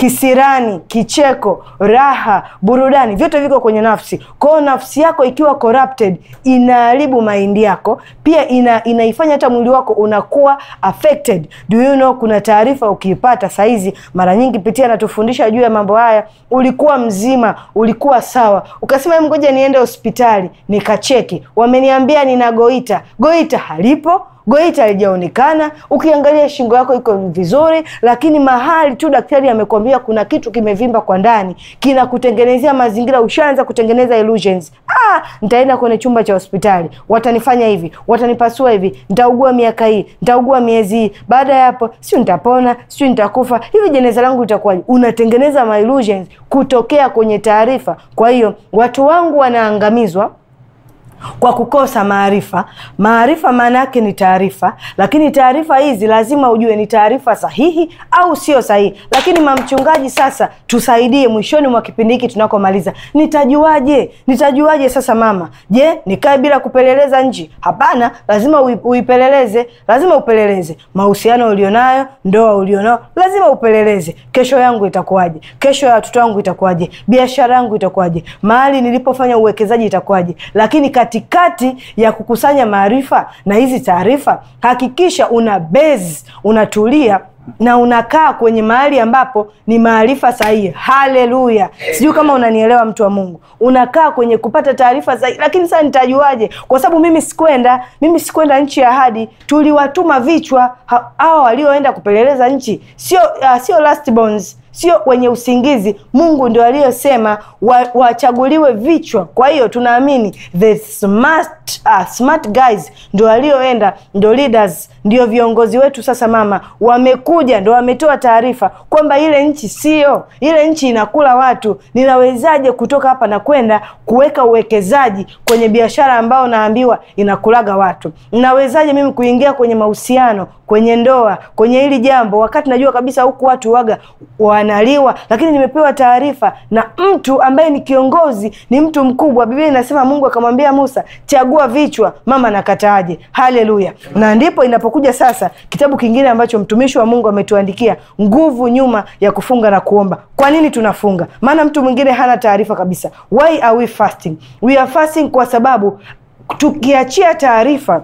kisirani, kicheko, raha, burudani, vyote viko kwenye nafsi. Kwa hiyo nafsi yako ikiwa corrupted inaharibu maindi yako, pia ina, inaifanya hata mwili wako unakuwa affected. Do you know, kuna taarifa ukiipata saizi, mara nyingi pitia natufundisha juu ya mambo haya. Ulikuwa mzima, ulikuwa sawa, ukasema ngoja niende hospitali nikacheki, wameniambia nina goita, goita halipo goiti halijaonekana. Ukiangalia shingo yako iko vizuri, lakini mahali tu daktari amekwambia kuna kitu kimevimba kwa ndani, kinakutengenezea mazingira, ushaanza kutengeneza illusions. Ah, nitaenda kwenye chumba cha hospitali, watanifanya hivi, watanipasua hivi, nitaugua miaka hii, nitaugua miezi hii, baada ya hapo sio nitapona, sio nitakufa, hivi jeneza langu litakuwaje? Unatengeneza ma illusions kutokea kwenye taarifa. Kwa hiyo watu wangu wanaangamizwa kwa kukosa maarifa. Maarifa maana yake ni taarifa, lakini taarifa hizi lazima ujue ni taarifa sahihi au sio sahihi. Lakini mamchungaji, sasa tusaidie, mwishoni mwa kipindi hiki tunakomaliza, nitajuaje? Nitajuaje sasa mama? Je, nikae bila kupeleleza nji Hapana, lazima uipeleleze, lazima upeleleze mahusiano ulionayo, ndoa ulionao, lazima upeleleze. Kesho yangu itakuwaje? Kesho ya watoto wangu itakuwaje? Biashara yangu itakuwaje? Mahali nilipofanya uwekezaji itakuwaje? Lakini kati katikati ya kukusanya maarifa na hizi taarifa, hakikisha una base, unatulia na unakaa kwenye mahali ambapo ni maarifa sahihi. Haleluya! Sijui kama unanielewa mtu wa Mungu, unakaa kwenye kupata taarifa sahihi. Lakini sasa nitajuaje? Kwa sababu mimi sikwenda, mimi sikwenda nchi ya ahadi, tuliwatuma vichwa hawa walioenda kupeleleza nchi, sio uh, sio last bones sio wenye usingizi. Mungu ndio aliyosema wachaguliwe wa vichwa. Kwa hiyo tunaamini the smart, uh, smart guys ndio walioenda, ndio leaders, ndio viongozi wetu. Sasa mama, wamekuja ndio wametoa taarifa kwamba ile nchi sio ile nchi inakula watu, ninawezaje kutoka hapa na kwenda kuweka uwekezaji kwenye biashara ambao naambiwa inakulaga watu? Nawezaje mimi kuingia kwenye mahusiano, kwenye ndoa, kwenye hili jambo wakati najua kabisa huku watu waga wa wanaliwa, lakini nimepewa taarifa na mtu ambaye ni kiongozi, ni mtu mkubwa. Biblia inasema Mungu akamwambia Musa, chagua vichwa, mama nakataaje? Haleluya! Na ndipo inapokuja sasa kitabu kingine ambacho mtumishi wa Mungu ametuandikia, nguvu nyuma ya kufunga na kuomba. Kwa nini tunafunga? Maana mtu mwingine hana taarifa kabisa. Why are we fasting? We are fasting kwa sababu tukiachia taarifa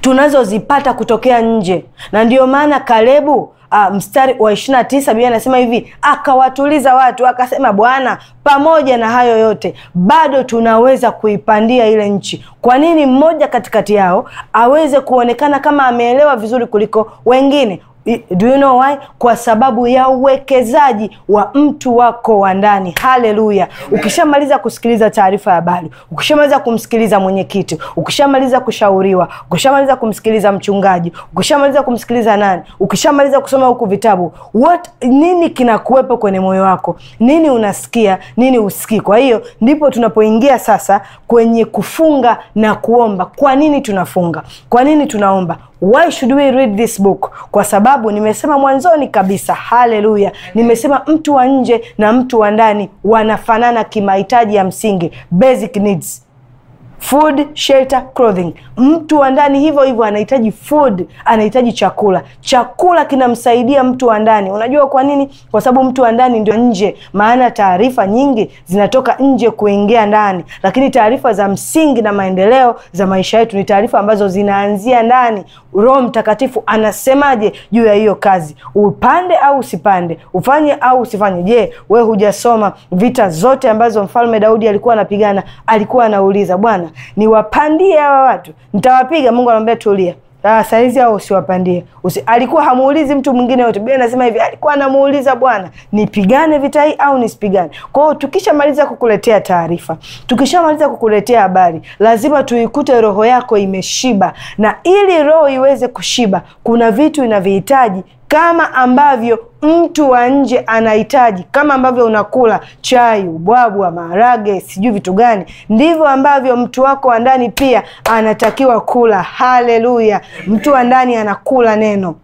tunazozipata kutokea nje, na ndio maana Kalebu uh, mstari wa 29 Biblia inasema hivi, akawatuliza watu akasema, Bwana, pamoja na hayo yote bado tunaweza kuipandia ile nchi. Kwa nini mmoja katikati yao aweze kuonekana kama ameelewa vizuri kuliko wengine? do you know why? Kwa sababu ya uwekezaji wa mtu wako wa ndani. Haleluya! Ukishamaliza kusikiliza taarifa ya habari, ukishamaliza kumsikiliza mwenyekiti, ukishamaliza kushauriwa, ukishamaliza kumsikiliza mchungaji, ukishamaliza kumsikiliza nani, ukishamaliza kusoma huku vitabu, what nini kinakuwepo kwenye moyo wako? Nini unasikia, nini usikii? Kwa hiyo ndipo tunapoingia sasa kwenye kufunga na kuomba. Kwa nini tunafunga? Kwa nini tunaomba? Why should we read this book? Kwa sababu nimesema mwanzoni kabisa, haleluya, nimesema mtu wa nje na mtu wa ndani wanafanana kimahitaji ya msingi, basic needs food, shelter, clothing. Mtu wa ndani hivyo hivyo anahitaji food, anahitaji chakula. Chakula kinamsaidia mtu wa ndani. Unajua kwa nini? Kwa sababu mtu wa ndani ndio nje, maana taarifa nyingi zinatoka nje kuingia ndani, lakini taarifa za msingi na maendeleo za maisha yetu ni taarifa ambazo zinaanzia ndani. Roho Mtakatifu anasemaje juu ya hiyo kazi? Upande au usipande, ufanye au usifanye. Je, we hujasoma vita zote ambazo mfalme Daudi alikuwa anapigana? Alikuwa anauliza Bwana, sana, niwapandie hawa watu, nitawapiga. Mungu anamwambia tulia, ah, saizi hao usiwapandie. Usi, alikuwa hamuulizi mtu mwingine yote. Biblia inasema hivi, alikuwa anamuuliza Bwana, nipigane vita hii au nisipigane? Kwa hiyo tukishamaliza kukuletea taarifa, tukishamaliza kukuletea habari, lazima tuikute roho yako imeshiba, na ili roho iweze kushiba, kuna vitu inavihitaji kama ambavyo mtu wa nje anahitaji, kama ambavyo unakula chai, ubwabwa, maharage, sijui vitu gani, ndivyo ambavyo mtu wako wa ndani pia anatakiwa kula. Haleluya! Mtu wa ndani anakula neno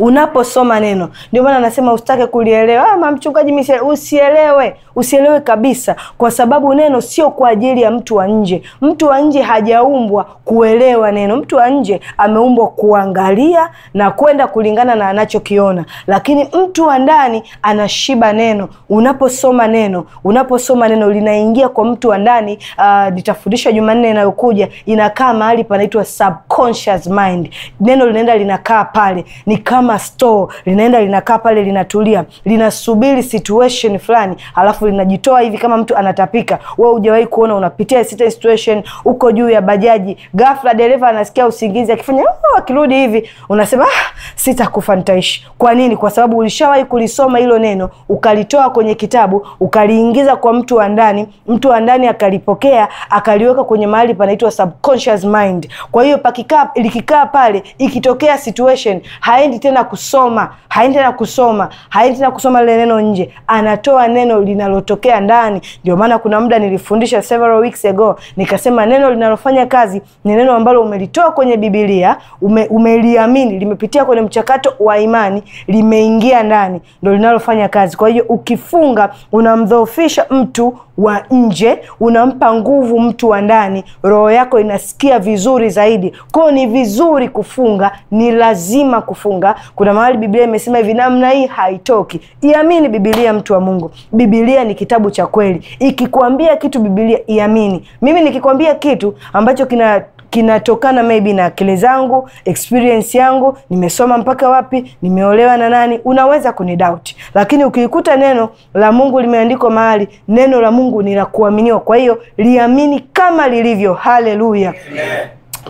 unaposoma neno. Ndio maana anasema usitake kulielewa. Ah, mamchungaji, mimi usielewe, usielewe kabisa, kwa sababu neno sio kwa ajili ya mtu wa nje. Mtu wa nje hajaumbwa kuelewa neno. Mtu wa nje ameumbwa kuangalia na kwenda kulingana na anachokiona, lakini mtu wa ndani anashiba neno. Unaposoma neno, unaposoma neno linaingia kwa mtu wa ndani. Uh, nitafundisha Jumanne inayokuja, inakaa mahali panaitwa subconscious mind. Neno linaenda linakaa pale ni kama store linaenda linakaa pale linatulia linasubiri situation fulani, alafu linajitoa hivi kama mtu anatapika. Wewe hujawahi kuona, unapitia situation, uko juu ya bajaji, ghafla dereva anasikia usingizi akifanya oh, akirudi hivi, unasema ah, sitakufa nitaishi. Kwa nini? Kwa sababu ulishawahi kulisoma hilo neno, ukalitoa kwenye kitabu, ukaliingiza kwa mtu wa ndani, mtu wa ndani akalipokea, akaliweka kwenye mahali panaitwa subconscious mind. Kwa hiyo pakikaa, likikaa pale, ikitokea situation haendi haendi tena kusoma, haendi tena kusoma, haendi tena kusoma lile neno nje, anatoa neno linalotokea ndani. Ndio maana kuna muda nilifundisha several weeks ago, nikasema neno linalofanya kazi ni neno ambalo umelitoa kwenye Biblia, ume, umeliamini, limepitia kwenye mchakato wa imani, limeingia ndani, ndio linalofanya kazi. Kwa hiyo ukifunga unamdhoofisha mtu wa nje, unampa nguvu mtu wa ndani, roho yako inasikia vizuri zaidi. Kwao ni vizuri kufunga, ni lazima kufunga. Kuna mahali Biblia imesema hivi, namna hii haitoki. Iamini bibilia mtu wa Mungu. bibilia ni kitabu cha kweli, ikikwambia kitu bibilia iamini. Mimi nikikwambia kitu ambacho kina kinatokana maybe na akili zangu, experience yangu, nimesoma mpaka wapi, nimeolewa na nani, unaweza kunidoubt. Lakini ukiikuta neno la Mungu limeandikwa mahali, neno la Mungu ni la kuaminiwa, kwa hiyo liamini kama lilivyo. Haleluya!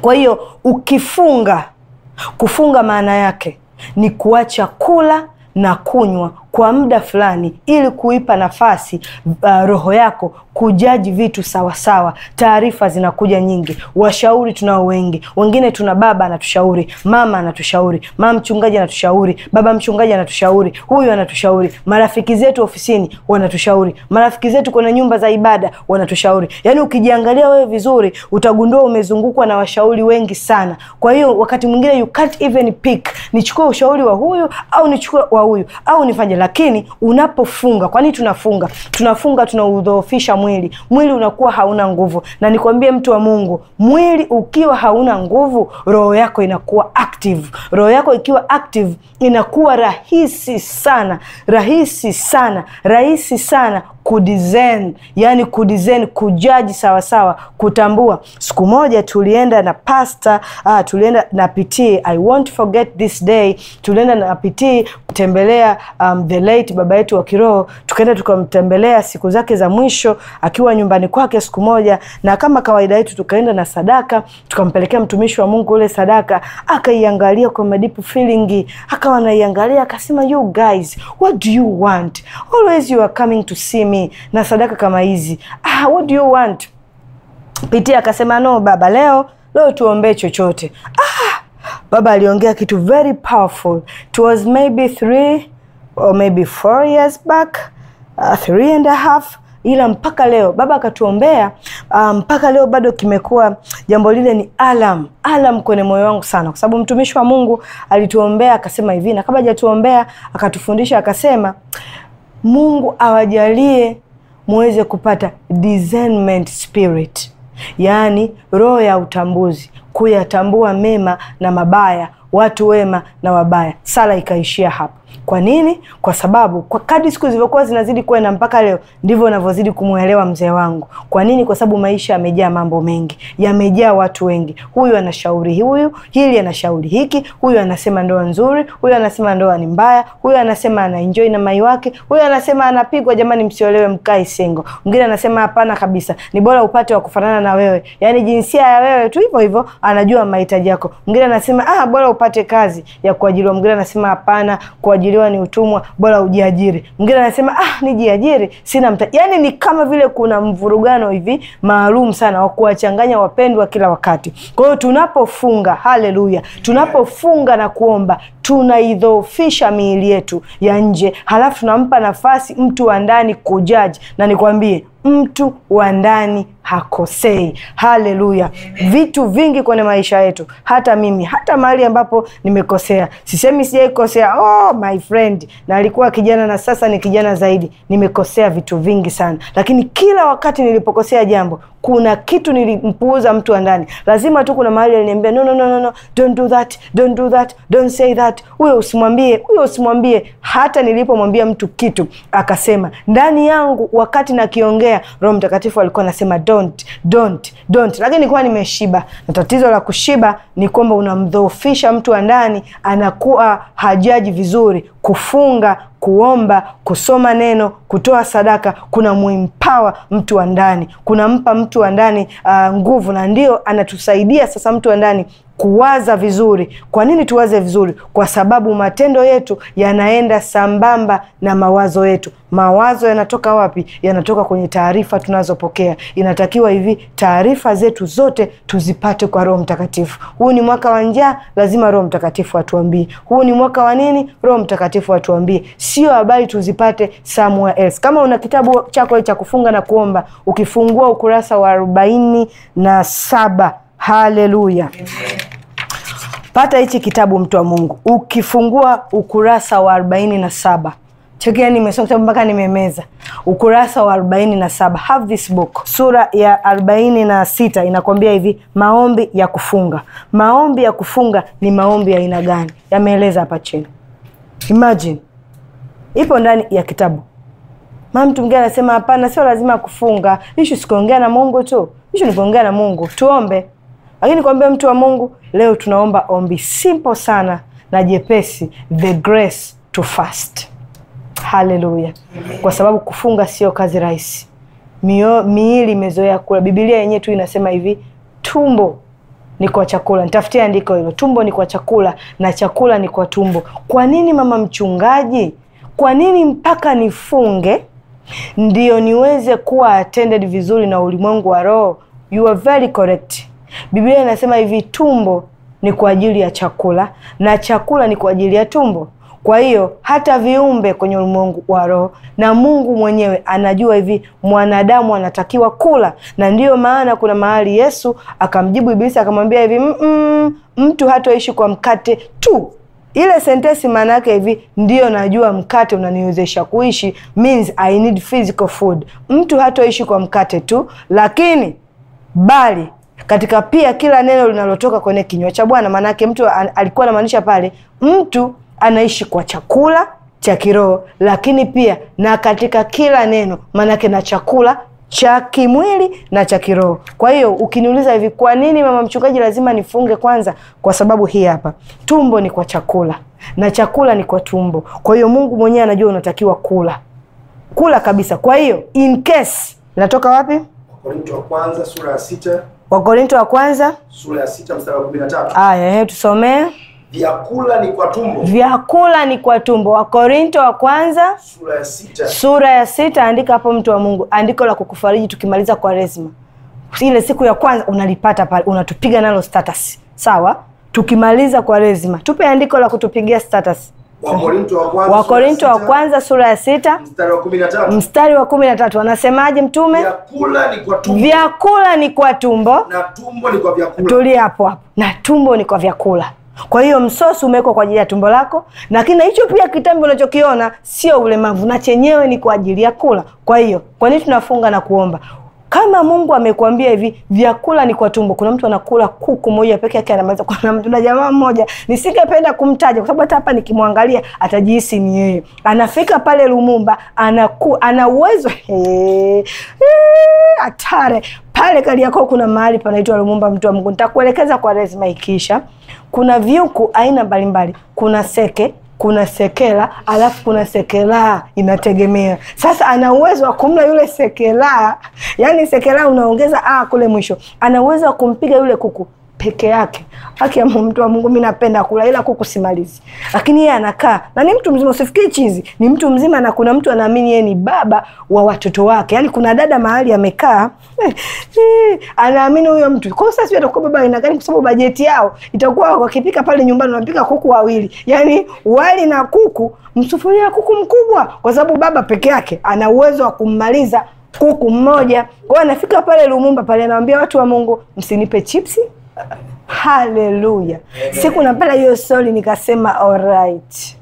Kwa hiyo ukifunga, kufunga maana yake ni kuacha kula na kunywa kwa muda fulani ili kuipa nafasi uh, roho yako kujaji vitu sawasawa. Taarifa zinakuja nyingi, washauri tunao wengi. Wengine tuna baba anatushauri, mama anatushauri, mama mchungaji anatushauri, baba mchungaji anatushauri, huyu anatushauri, marafiki zetu ofisini wanatushauri, marafiki zetu kwenye nyumba za ibada wanatushauri. Yaani ukijiangalia wewe vizuri, utagundua umezungukwa na washauri wengi sana. Kwa hiyo wakati mwingine you can't even pick, nichukue ushauri wa huyu au nichukue wa huyu au nifanye lakini unapofunga, kwani tunafunga, tunafunga, tunaudhoofisha mwili, mwili unakuwa hauna nguvu. Na nikwambie mtu wa Mungu, mwili ukiwa hauna nguvu, roho yako inakuwa active. Roho yako ikiwa active, inakuwa rahisi sana, rahisi sana, rahisi sana kudizen yani kudizen kujaji sawasawa, kutambua. Siku moja tulienda na pasta ah, tulienda na pitii I won't forget this day, tulienda na pitii kutembelea um, the late baba yetu wa kiroho, tukaenda tukamtembelea siku zake za mwisho akiwa nyumbani kwake siku moja, na kama kawaida yetu tukaenda na sadaka, tukampelekea mtumishi wa Mungu ule sadaka, akaiangalia kwa madipu feeling, akawa anaiangalia akasema, you guys what do you want always you are coming to see me na sadaka kama hizi, ah, what do you want Pitia akasema no baba, leo leo tuombee chochote. Ah, baba aliongea kitu very powerful. It was maybe three or maybe four years back uh, three and a half ila mpaka leo baba akatuombea um, mpaka um, leo bado kimekuwa jambo lile ni alam alam kwenye moyo wangu sana, kwa sababu mtumishi wa Mungu alituombea akasema hivi, na kabla hajatuombea akatufundisha akasema, Mungu awajalie muweze kupata discernment spirit, yaani roho ya utambuzi, kuyatambua mema na mabaya, watu wema na wabaya. Sala ikaishia hapa kwa nini? Kwa sababu kwa kadri siku zilivyokuwa zinazidi kwenda mpaka leo ndivyo unavyozidi kumuelewa mzee wangu. Kwa nini? Kwa sababu maisha yamejaa mambo mengi, yamejaa watu wengi. Huyu anashauri huyu, hili anashauri hiki, huyu anasema ndoa nzuri, huyu anasema ndoa ni mbaya, huyu anasema ana enjoy na mai wake, huyu anasema anapigwa, jamani, msiolewe mkae single. Mwingine anasema hapana kabisa, ni bora upate wa kufanana na wewe, yani jinsia ya wewe tu hivyo hivyo, anajua mahitaji yako. Mwingine anasema ah, bora upate kazi ya kuajiriwa. Mwingine anasema hapana kwa kuajiriwa ni utumwa, bora ujiajiri. Mwingine anasema ah, nijiajiri sina mtaji. Yani ni kama vile kuna mvurugano hivi maalum sana wa kuwachanganya wapendwa kila wakati. Kwa hiyo tunapofunga, haleluya, tunapofunga na kuomba tunaidhoofisha miili yetu ya nje, halafu tunampa nafasi mtu wa ndani kujaji. Na nikwambie mtu wa ndani hakosei. Haleluya! Vitu vingi kwenye maisha yetu, hata mimi, hata mahali ambapo nimekosea. Sisemi sijaikosea, oh my friend, na alikuwa kijana na sasa ni kijana zaidi, nimekosea vitu vingi sana, lakini kila wakati nilipokosea jambo kuna kitu nilimpuuza mtu wa ndani. Lazima tu kuna mahali aliniambia no, no, no, no, no. Don't do that, don't do that, don't say that. Huyo usimwambie, huyo usimwambie. Hata nilipomwambia mtu kitu akasema ndani yangu, wakati nakiongea, Roho Mtakatifu alikuwa anasema don't, don't, don't, lakini nilikuwa nimeshiba. Na tatizo la kushiba ni kwamba unamdhoofisha mtu wa ndani, anakuwa hajaji vizuri kufunga kuomba, kusoma neno, kutoa sadaka kuna mwimpawa mtu wa ndani, kunampa mtu wa ndani uh, nguvu, na ndio anatusaidia sasa mtu wa ndani kuwaza vizuri. Kwa nini tuwaze vizuri? Kwa sababu matendo yetu yanaenda sambamba na mawazo yetu. Mawazo yanatoka wapi? Yanatoka kwenye taarifa tunazopokea. Inatakiwa hivi taarifa zetu zote tuzipate kwa Roho Mtakatifu. Huu ni mwaka wa njaa, lazima Roho Mtakatifu atuambie. Huu ni mwaka wa nini? Roho Mtakatifu atuambie, sio habari tuzipate somewhere else. Kama una kitabu chako cha kufunga na kuomba, ukifungua ukurasa wa arobaini na saba haleluya pata hichi kitabu mtu wa mungu ukifungua ukurasa wa arobaini na saba chekia nimesoma kitabu mpaka nimemeza ukurasa wa arobaini na saba have this book sura ya arobaini na sita inakwambia hivi maombi ya kufunga maombi ya kufunga ni maombi ya aina gani yameeleza hapa chini imagine ipo ndani ya kitabu maa mtu mgine anasema hapana sio lazima kufunga ishu sikuongea na mungu tu ishu nikuongea na mungu tuombe lakini kwambie mtu wa Mungu, leo tunaomba ombi simple sana na jepesi, the grace to fast. Haleluya! Kwa sababu kufunga sio kazi rahisi. Miili imezoea kula. Biblia yenyewe tu inasema hivi, tumbo ni kwa chakula. Nitafutia andiko hilo, tumbo ni kwa chakula na chakula ni kwa tumbo. Kwa nini mama mchungaji, kwa nini mpaka nifunge ndio niweze kuwa attended vizuri na ulimwengu wa roho? You are very correct. Biblia inasema hivi, tumbo ni kwa ajili ya chakula na chakula ni kwa ajili ya tumbo. Kwa hiyo hata viumbe kwenye ulimwengu wa roho na Mungu mwenyewe anajua hivi mwanadamu anatakiwa kula, na ndiyo maana kuna mahali Yesu akamjibu Ibilisi akamwambia hivi mm -mm, mtu hatoishi kwa mkate tu. Ile sentensi maana yake hivi, ndiyo najua mkate unaniwezesha kuishi, means I need physical food. Mtu hatoishi kwa mkate tu, lakini bali katika pia kila neno linalotoka kwenye kinywa cha Bwana. Maanake mtu an, alikuwa anamaanisha pale mtu anaishi kwa chakula cha kiroho, lakini pia na katika kila neno, maanake na chakula cha kimwili na cha kiroho. Kwa hiyo ukiniuliza hivi, kwa nini mama mchungaji lazima nifunge kwanza? Kwa sababu hii hapa, tumbo ni kwa chakula na chakula ni kwa tumbo. Kwa hiyo Mungu mwenyewe anajua unatakiwa kula kula kabisa. Kwa hiyo in case natoka wapi? wakorinto wa kwanza sura ya sita Wakorinto wa kwanza sura ya sita mstari wa kumi na tatu. Aya, tusomee vyakula ni kwa tumbo vyakula ni kwa tumbo wakorinto wa kwanza sura ya sita, sura ya sita andika hapo mtu wa mungu andiko la kukufariji tukimaliza kwa rezima. ile siku ya kwanza unalipata pale unatupiga nalo status sawa tukimaliza kwa rezima. tupe andiko la kutupigia status Wakorinto wa kwanza sura ya sita mstari wa kumi na tatu anasemaje mtume? Vyakula ni kwa tumbo, tulie hapo hapo, na tumbo ni kwa vyakula. Kwa hiyo msosi umewekwa kwa ajili ya tumbo lako, lakini hicho pia kitambi unachokiona sio ulemavu, na chenyewe ni kwa ajili ya kula. Kwa hiyo kwa nini tunafunga na kuomba? kama Mungu amekuambia hivi vyakula ni kwa tumbo, kuna mtu anakula kuku moja peke yake anamaliza. Kuna mtu na jamaa mmoja nisingependa kumtaja kwa sababu hata hapa nikimwangalia atajihisi ni yeye. Anafika pale Lumumba anaku, ana uwezo hatare pale Kariakoo kuna mahali panaitwa Lumumba mtu wa Mungu, nitakuelekeza kwa rezima ikiisha. Kuna vyuku aina mbalimbali, kuna seke, kuna sekela alafu kuna sekelaa, inategemea sasa. Ana uwezo wa kumla yule sekelaa, yani sekelaa unaongeza a ah, kule mwisho, ana uwezo wa kumpiga yule kuku peke yake. Haki ya mtu wa Mungu, mimi napenda kula ila kuku simalizi, lakini yeye anakaa na ni mtu mzima, usifikiri chizi, ni mtu mzima. Na kuna mtu anaamini yeye ni baba wa watoto wake, yaani kuna dada mahali amekaa eh, eh, anaamini huyo mtu. Kwa hiyo sasa atakuwa baba ina gani? Kwa sababu bajeti yao itakuwa wakipika pale nyumbani, wanapika kuku wawili, yaani wali na kuku, msufuria kuku mkubwa, kwa sababu baba peke yake ana uwezo wa kummaliza kuku mmoja. Kwa hiyo anafika pale Lumumba pale, anawaambia watu wa Mungu, msinipe chipsi Haleluya! Siku napenda hiyo stori, nikasema alright,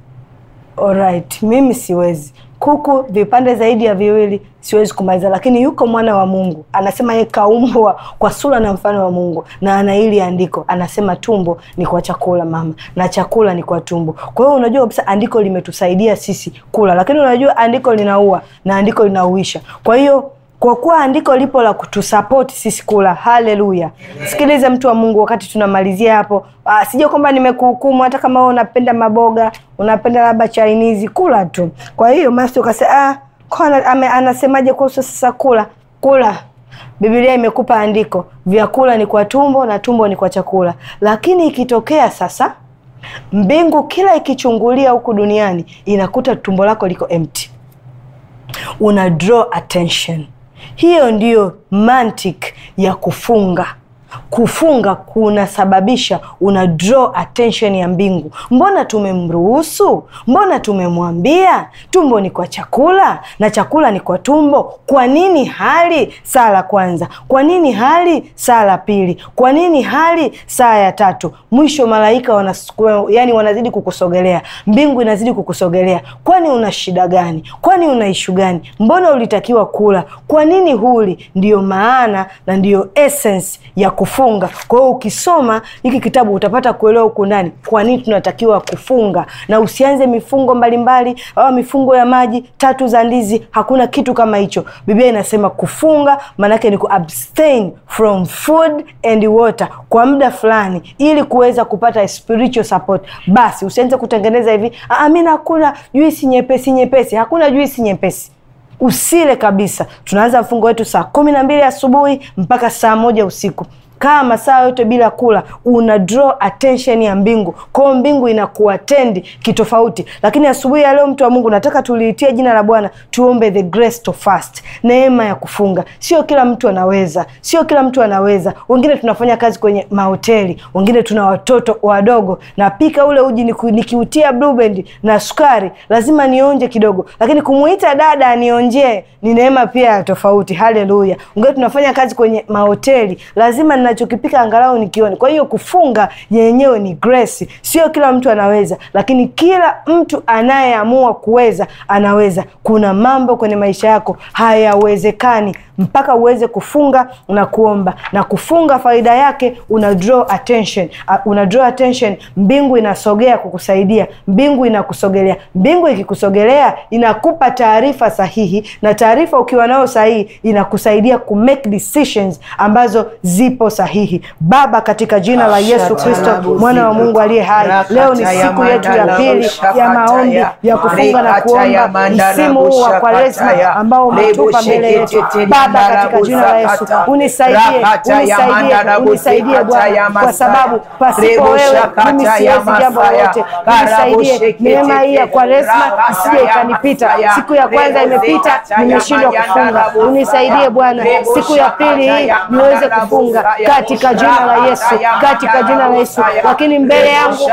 alright, mimi siwezi kuku vipande zaidi ya viwili siwezi kumaliza, lakini yuko mwana wa Mungu anasema yeye kaumbwa kwa sura na mfano wa Mungu, na ana hili andiko anasema tumbo ni kwa chakula mama na chakula ni kwa tumbo. Kwa hiyo unajua kabisa andiko limetusaidia sisi kula, lakini unajua andiko linaua na andiko linauisha. Kwa hiyo kwa kuwa andiko lipo la kutusapoti sisi kula. Haleluya! Sikiliza mtu wa Mungu, wakati tunamalizia hapo, ah, sija kwamba nimekuhukumu. Hata kama wee unapenda maboga, unapenda labda chainizi, kula tu. Kwa hiyo masi ukasema ah, anasemaje kuhusu sasa kula? Kula, bibilia imekupa andiko, vyakula ni kwa tumbo na tumbo ni kwa chakula. Lakini ikitokea sasa mbingu kila ikichungulia huku duniani, inakuta tumbo lako liko mt una draw attention hiyo ndiyo mantik ya kufunga. Kufunga kunasababisha una draw attention ya mbingu. Mbona tumemruhusu? Mbona tumemwambia? Tumbo ni kwa chakula na chakula ni kwa tumbo. Kwa nini hali saa la kwanza? Kwa nini hali saa la pili? Kwa nini hali saa ya tatu? Mwisho malaika wanasukua, yani wanazidi kukusogelea, mbingu inazidi kukusogelea. Kwani una shida gani? Kwani una ishu gani? Mbona ulitakiwa kula? Kwa nini huli? Ndiyo maana na ndiyo essence ya kufunga. Kwa hiyo ukisoma hiki kitabu utapata kuelewa huko ndani kwa nini tunatakiwa kufunga, na usianze mifungo mbalimbali au mifungo ya maji tatu za ndizi. Hakuna kitu kama hicho. Biblia inasema kufunga maanake ni ku abstain from food and water kwa muda fulani, ili kuweza kupata spiritual support. Basi usianze kutengeneza hivi, ah, mimi nakula juisi nyepesi nyepesi. Hakuna juisi nyepesi Usile kabisa. Tunaanza mfungo wetu saa kumi na mbili asubuhi mpaka saa moja usiku kaa masaa yote bila kula, una draw attention ya mbingu. Kwa hiyo mbingu inakuatendi kitofauti. Lakini asubuhi ya leo, mtu wa Mungu, nataka tuliitie jina la Bwana, tuombe the grace to fast, neema ya kufunga. Sio kila mtu anaweza, sio kila mtu anaweza. Wengine tunafanya kazi kwenye mahoteli, wengine tuna watoto wadogo. Napika ule uji nikiutia blue band na sukari, lazima nionje kidogo, lakini kumuita dada anionjee ni neema pia ya tofauti. Haleluya! Wengine tunafanya kazi kwenye mahoteli, lazima na ninachokipika angalau nikione. Kwa hiyo kufunga yenyewe ni grace, sio kila mtu anaweza, lakini kila mtu anayeamua kuweza anaweza. Kuna mambo kwenye maisha yako hayawezekani mpaka uweze kufunga na kuomba. Na kufunga faida yake una draw attention, una draw attention, mbingu inasogea kukusaidia, mbingu inakusogelea. Mbingu ikikusogelea inakupa taarifa sahihi, na taarifa ukiwa nayo sahihi inakusaidia ku make decisions ambazo zipo sahihi. Baba, katika jina la Yesu Kristo mwana wa Mungu aliye hai, leo ni siku yetu ya pili ya maombi ya kufunga na kuomba msimu huu wa Kwaresma ambao umetupa mbele yetu. Baba, katika jina la Yesu unisaidie, unisaidie, unisaidie Bwana, kwa sababu pasipo wewe mimi siwezi jambo lolote. Unisaidie neema hii ya Kwaresma isije ikanipita. Siku ya kwanza imepita, nimeshindwa kufunga. Unisaidie Bwana, siku ya pili hii niweze kufunga katika jina la Yesu, katika jina la Yesu. Lakini mbele yangu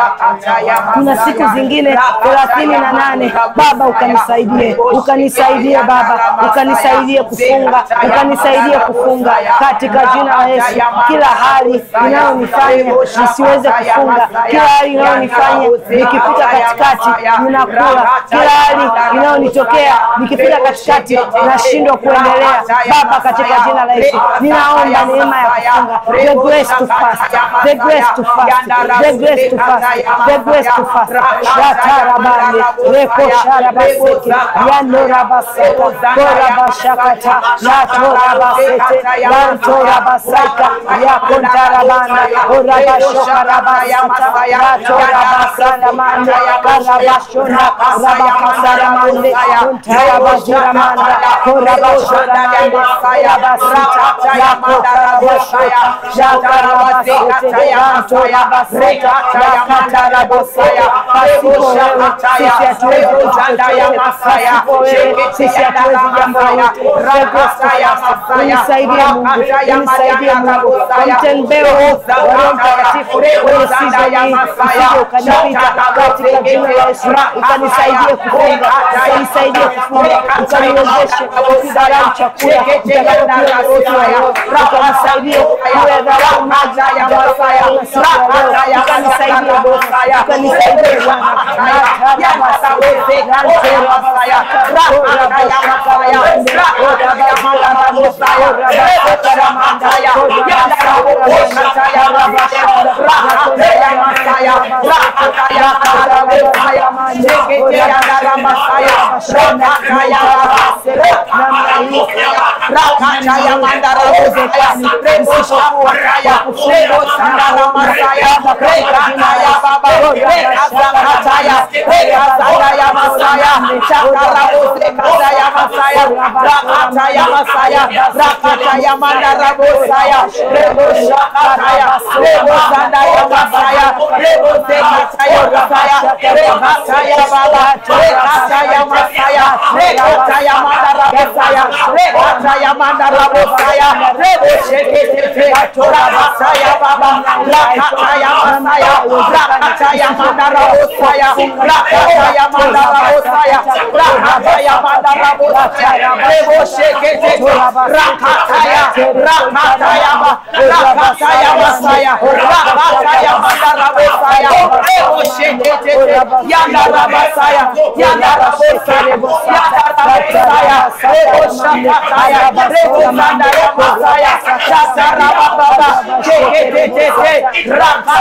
kuna siku zingine thelathini na nane. Baba ukanisaidie, ukanisaidie Baba, ukanisaidie kufunga, ukanisaidie kufunga katika jina la Yesu. Kila hali inayonifanya nisiweze kufunga, kila hali inayonifanya nikipita katikati ninakula, kila hali inayonitokea nikipita katikati nashindwa kuendelea, Baba, katika jina la Yesu ninaomba neema ya kufunga the grace to fast, the grace to fast, the grace to fast, the grace to fast. Shatarabane, Reko Sharabaseke, Yano Rabaseka, Torabashakata, Yato Rabasete, Yanto Karabashona, Rabakasara Mande, Kuntarabashara Mande, Korabashara Msaidie Mungu, msaidie Mungu, mtembee Roho Mtakatifu kwenye siza hii, usije ukanipita katika jina la Yesu, ukanisaidie kufunga, ukanisaidie kufunga, ukaniwezeshe kukigalau chakula mtakapokula Roho wa Mungu, ukanisaidie Bukan aja yang saya, serahkan saya akan saya saya, yang masa wesekan saya saya, serahkan saya saya, serahkan saya mata saya, serahkan saya yang serahkan saya serahkan saya saya, serahkan saya saya, sedikitnya dalam saya, serahkan saya serahkan saya, serahkan saya mandara saya, prinsip Raya, Raya, Raya, Raya, Raya, Masaya, Masaya, Masaya, Masaya, Masaya, Masaya, Masaya, Masaya, Masaya, Masaya, Rakataya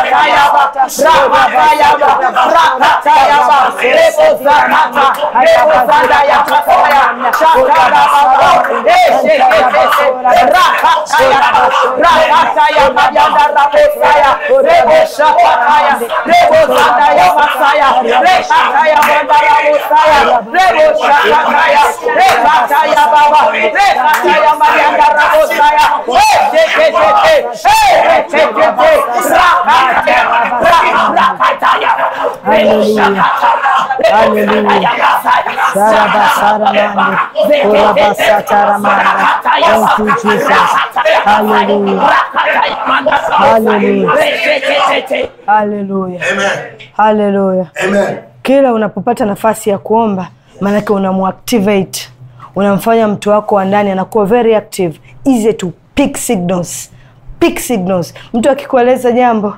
Mandara Rakataya, Rakatayaba, Rakatayaba, haleluya Kila unapopata nafasi ya kuomba, maanake unamuactivate, unamfanya mtu wako wa ndani anakuwa very active, easy to pick signals. Pick signals. Mtu akikueleza jambo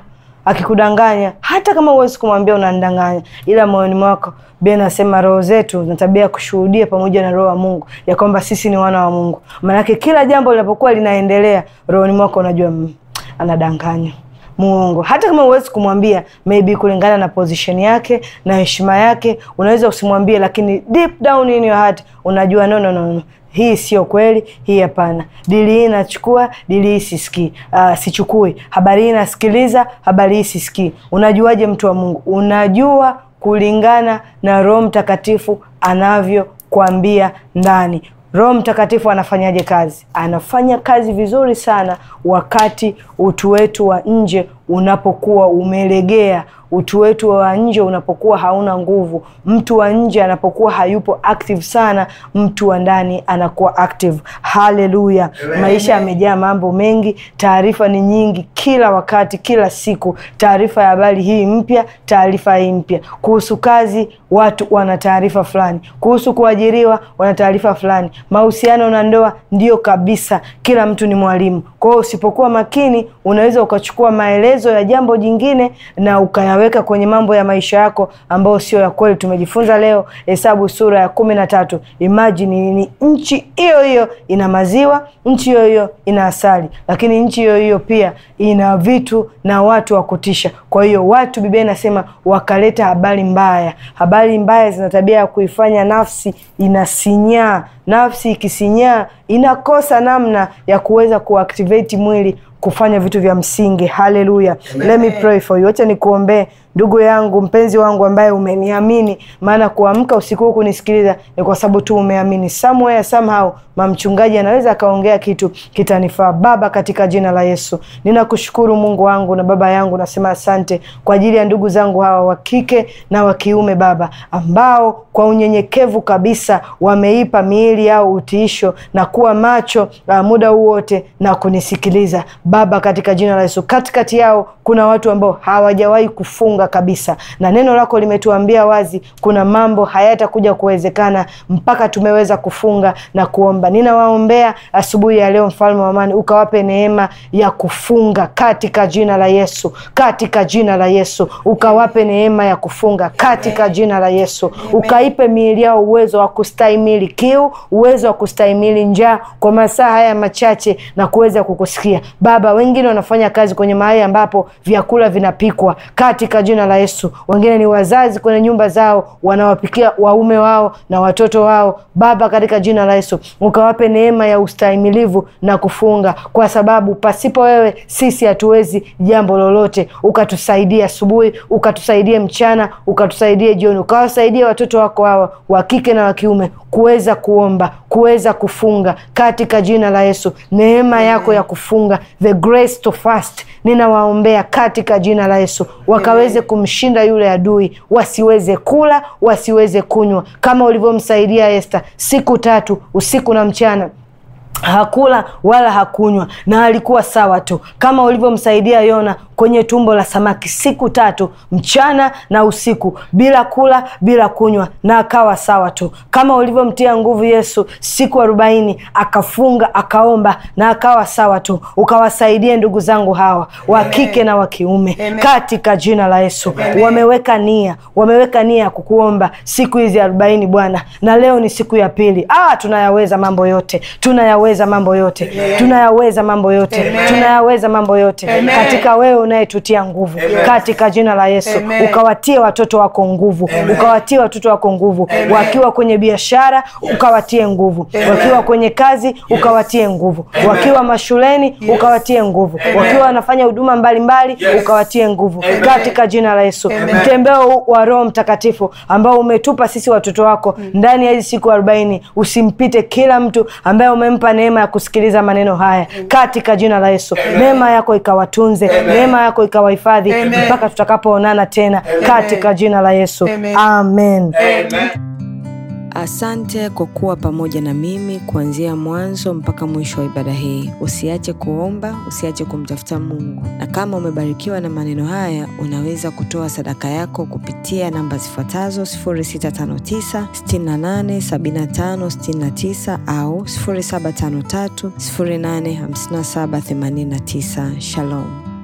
akikudanganya hata kama huwezi kumwambia unandanganya, ila moyoni mwako. Biblia inasema roho zetu na tabia ya kushuhudia pamoja na roho wa Mungu ya kwamba sisi ni wana wa Mungu. Maanake kila jambo linapokuwa linaendelea rohoni mwako, unajua mm, anadanganya muongo, hata kama huwezi kumwambia. Maybe kulingana na position yake na heshima yake, unaweza usimwambie, lakini deep down in your heart unajua no, no, no, no hii sio kweli, hii hapana, dili hii nachukua, dili hii sisikii, uh, sichukui, habari hii nasikiliza, habari hii sisikii. Unajuaje mtu wa Mungu? Unajua kulingana na Roho Mtakatifu anavyokuambia ndani. Roho Mtakatifu anafanyaje kazi? Anafanya kazi vizuri sana wakati utu wetu wa nje unapokuwa umelegea, utu wetu wa nje unapokuwa hauna nguvu, mtu wa nje anapokuwa hayupo active sana, mtu wa ndani anakuwa active. Haleluya! Maisha yamejaa mambo mengi, taarifa ni nyingi, kila wakati, kila siku, taarifa ya habari hii mpya, taarifa hii mpya. Kuhusu kazi, watu wana taarifa fulani, kuhusu kuajiriwa, wana taarifa fulani, mahusiano na ndoa, ndio kabisa, kila mtu ni mwalimu. Kwa hiyo usipokuwa makini, unaweza ukachukua maelezo maelezo ya jambo jingine na ukayaweka kwenye mambo ya maisha yako ambayo sio ya kweli. Tumejifunza leo Hesabu sura ya kumi na tatu. Imagine ni nchi hiyo hiyo ina maziwa, nchi hiyo hiyo ina asali, lakini nchi hiyo hiyo pia ina vitu na watu wa kutisha. Kwa hiyo watu, Biblia inasema wakaleta habari mbaya. Habari mbaya zina tabia ya kuifanya nafsi inasinyaa. Nafsi ikisinyaa inakosa namna ya kuweza kuaktiveti mwili kufanya vitu vya msingi. Haleluya, let me pray for you. Wacha nikuombee ndugu yangu, mpenzi wangu ambaye umeniamini, maana kuamka usiku huu kunisikiliza ni kwa sababu tu umeamini. Somewhere somehow, mamchungaji anaweza akaongea kitu kitanifaa. Baba, katika jina la Yesu ninakushukuru Mungu wangu na baba yangu, nasema asante kwa ajili ya ndugu zangu hawa wa kike na wa kiume, Baba, ambao kwa unyenyekevu kabisa wameipa miili yao utiisho na kuwa macho ah, muda huu wote na kunisikiliza Baba, katika jina la Yesu, katikati yao kuna watu ambao hawajawahi kufunga kabisa, na neno lako limetuambia wazi, kuna mambo hayatakuja kuwezekana mpaka tumeweza kufunga na kuomba. Ninawaombea asubuhi ya leo, mfalme wa amani, ukawape neema ya kufunga katika jina la Yesu, katika jina la Yesu, ukawape neema ya kufunga katika jina la Yesu, ukaipe miili yao uwezo wa kustahimili kiu, uwezo wa kustahimili njaa kwa masaa haya machache na kuweza kukusikia Baba. Wengine wanafanya kazi kwenye mahali ambapo vyakula vinapikwa katika jina la Yesu. Wengine ni wazazi kwenye nyumba zao wanawapikia waume wao na watoto wao. Baba, katika jina la Yesu ukawape neema ya ustahimilivu na kufunga, kwa sababu pasipo wewe sisi hatuwezi jambo lolote. ukatusaidia asubuhi, ukatusaidie mchana, ukatusaidie jioni, ukawasaidia watoto wako hawa wa kike na wa kiume kuweza kuomba, kuweza kufunga katika jina la Yesu. Neema yako ya kufunga, the grace to fast, ninawaombea katika jina la Yesu, wakaweze kumshinda yule adui, wasiweze kula, wasiweze kunywa, kama ulivyomsaidia Esta siku tatu usiku na mchana hakula wala hakunywa na alikuwa sawa tu, kama ulivyomsaidia Yona kwenye tumbo la samaki siku tatu mchana na usiku bila kula bila kunywa, na akawa sawa tu. Kama ulivyomtia nguvu Yesu siku arobaini akafunga akaomba na akawa sawa tu, ukawasaidie ndugu zangu hawa wa kike na wa kiume katika jina la Yesu. Amen. Wameweka nia, wameweka nia ya kukuomba siku hizi arobaini Bwana, na leo ni siku ya pili. Ah, tunayaweza mambo yote, tunayaweza mambo yote, tunayaweza mambo yote, tunayaweza mambo yote, tunayaweza mambo yote katika wewe unayetutia nguvu Amen. katika jina la Yesu Amen. ukawatie watoto wako nguvu Amen. ukawatie watoto wako nguvu Amen. wakiwa kwenye biashara yes. ukawatie nguvu Amen. wakiwa kwenye kazi yes. ukawatie nguvu Amen. wakiwa mashuleni yes. ukawatie nguvu Amen. wakiwa wanafanya huduma mbalimbali yes. ukawatie nguvu Amen. katika jina la Yesu mtembeo wa Roho Mtakatifu ambao umetupa sisi watoto wako mm. ndani ya hizi siku arobaini usimpite kila mtu ambaye umempa neema ya kusikiliza maneno haya katika jina la Yesu Amen. neema yako ikawatunze Amen. neema rehema yako ikawahifadhi mpaka tutakapoonana tena katika jina la Yesu amen, amen. amen. Asante kwa kuwa pamoja na mimi kuanzia mwanzo mpaka mwisho wa ibada hii. Usiache kuomba, usiache kumtafuta Mungu, na kama umebarikiwa na maneno haya, unaweza kutoa sadaka yako kupitia namba zifuatazo: 0659687569 au 0753085789. Shalom.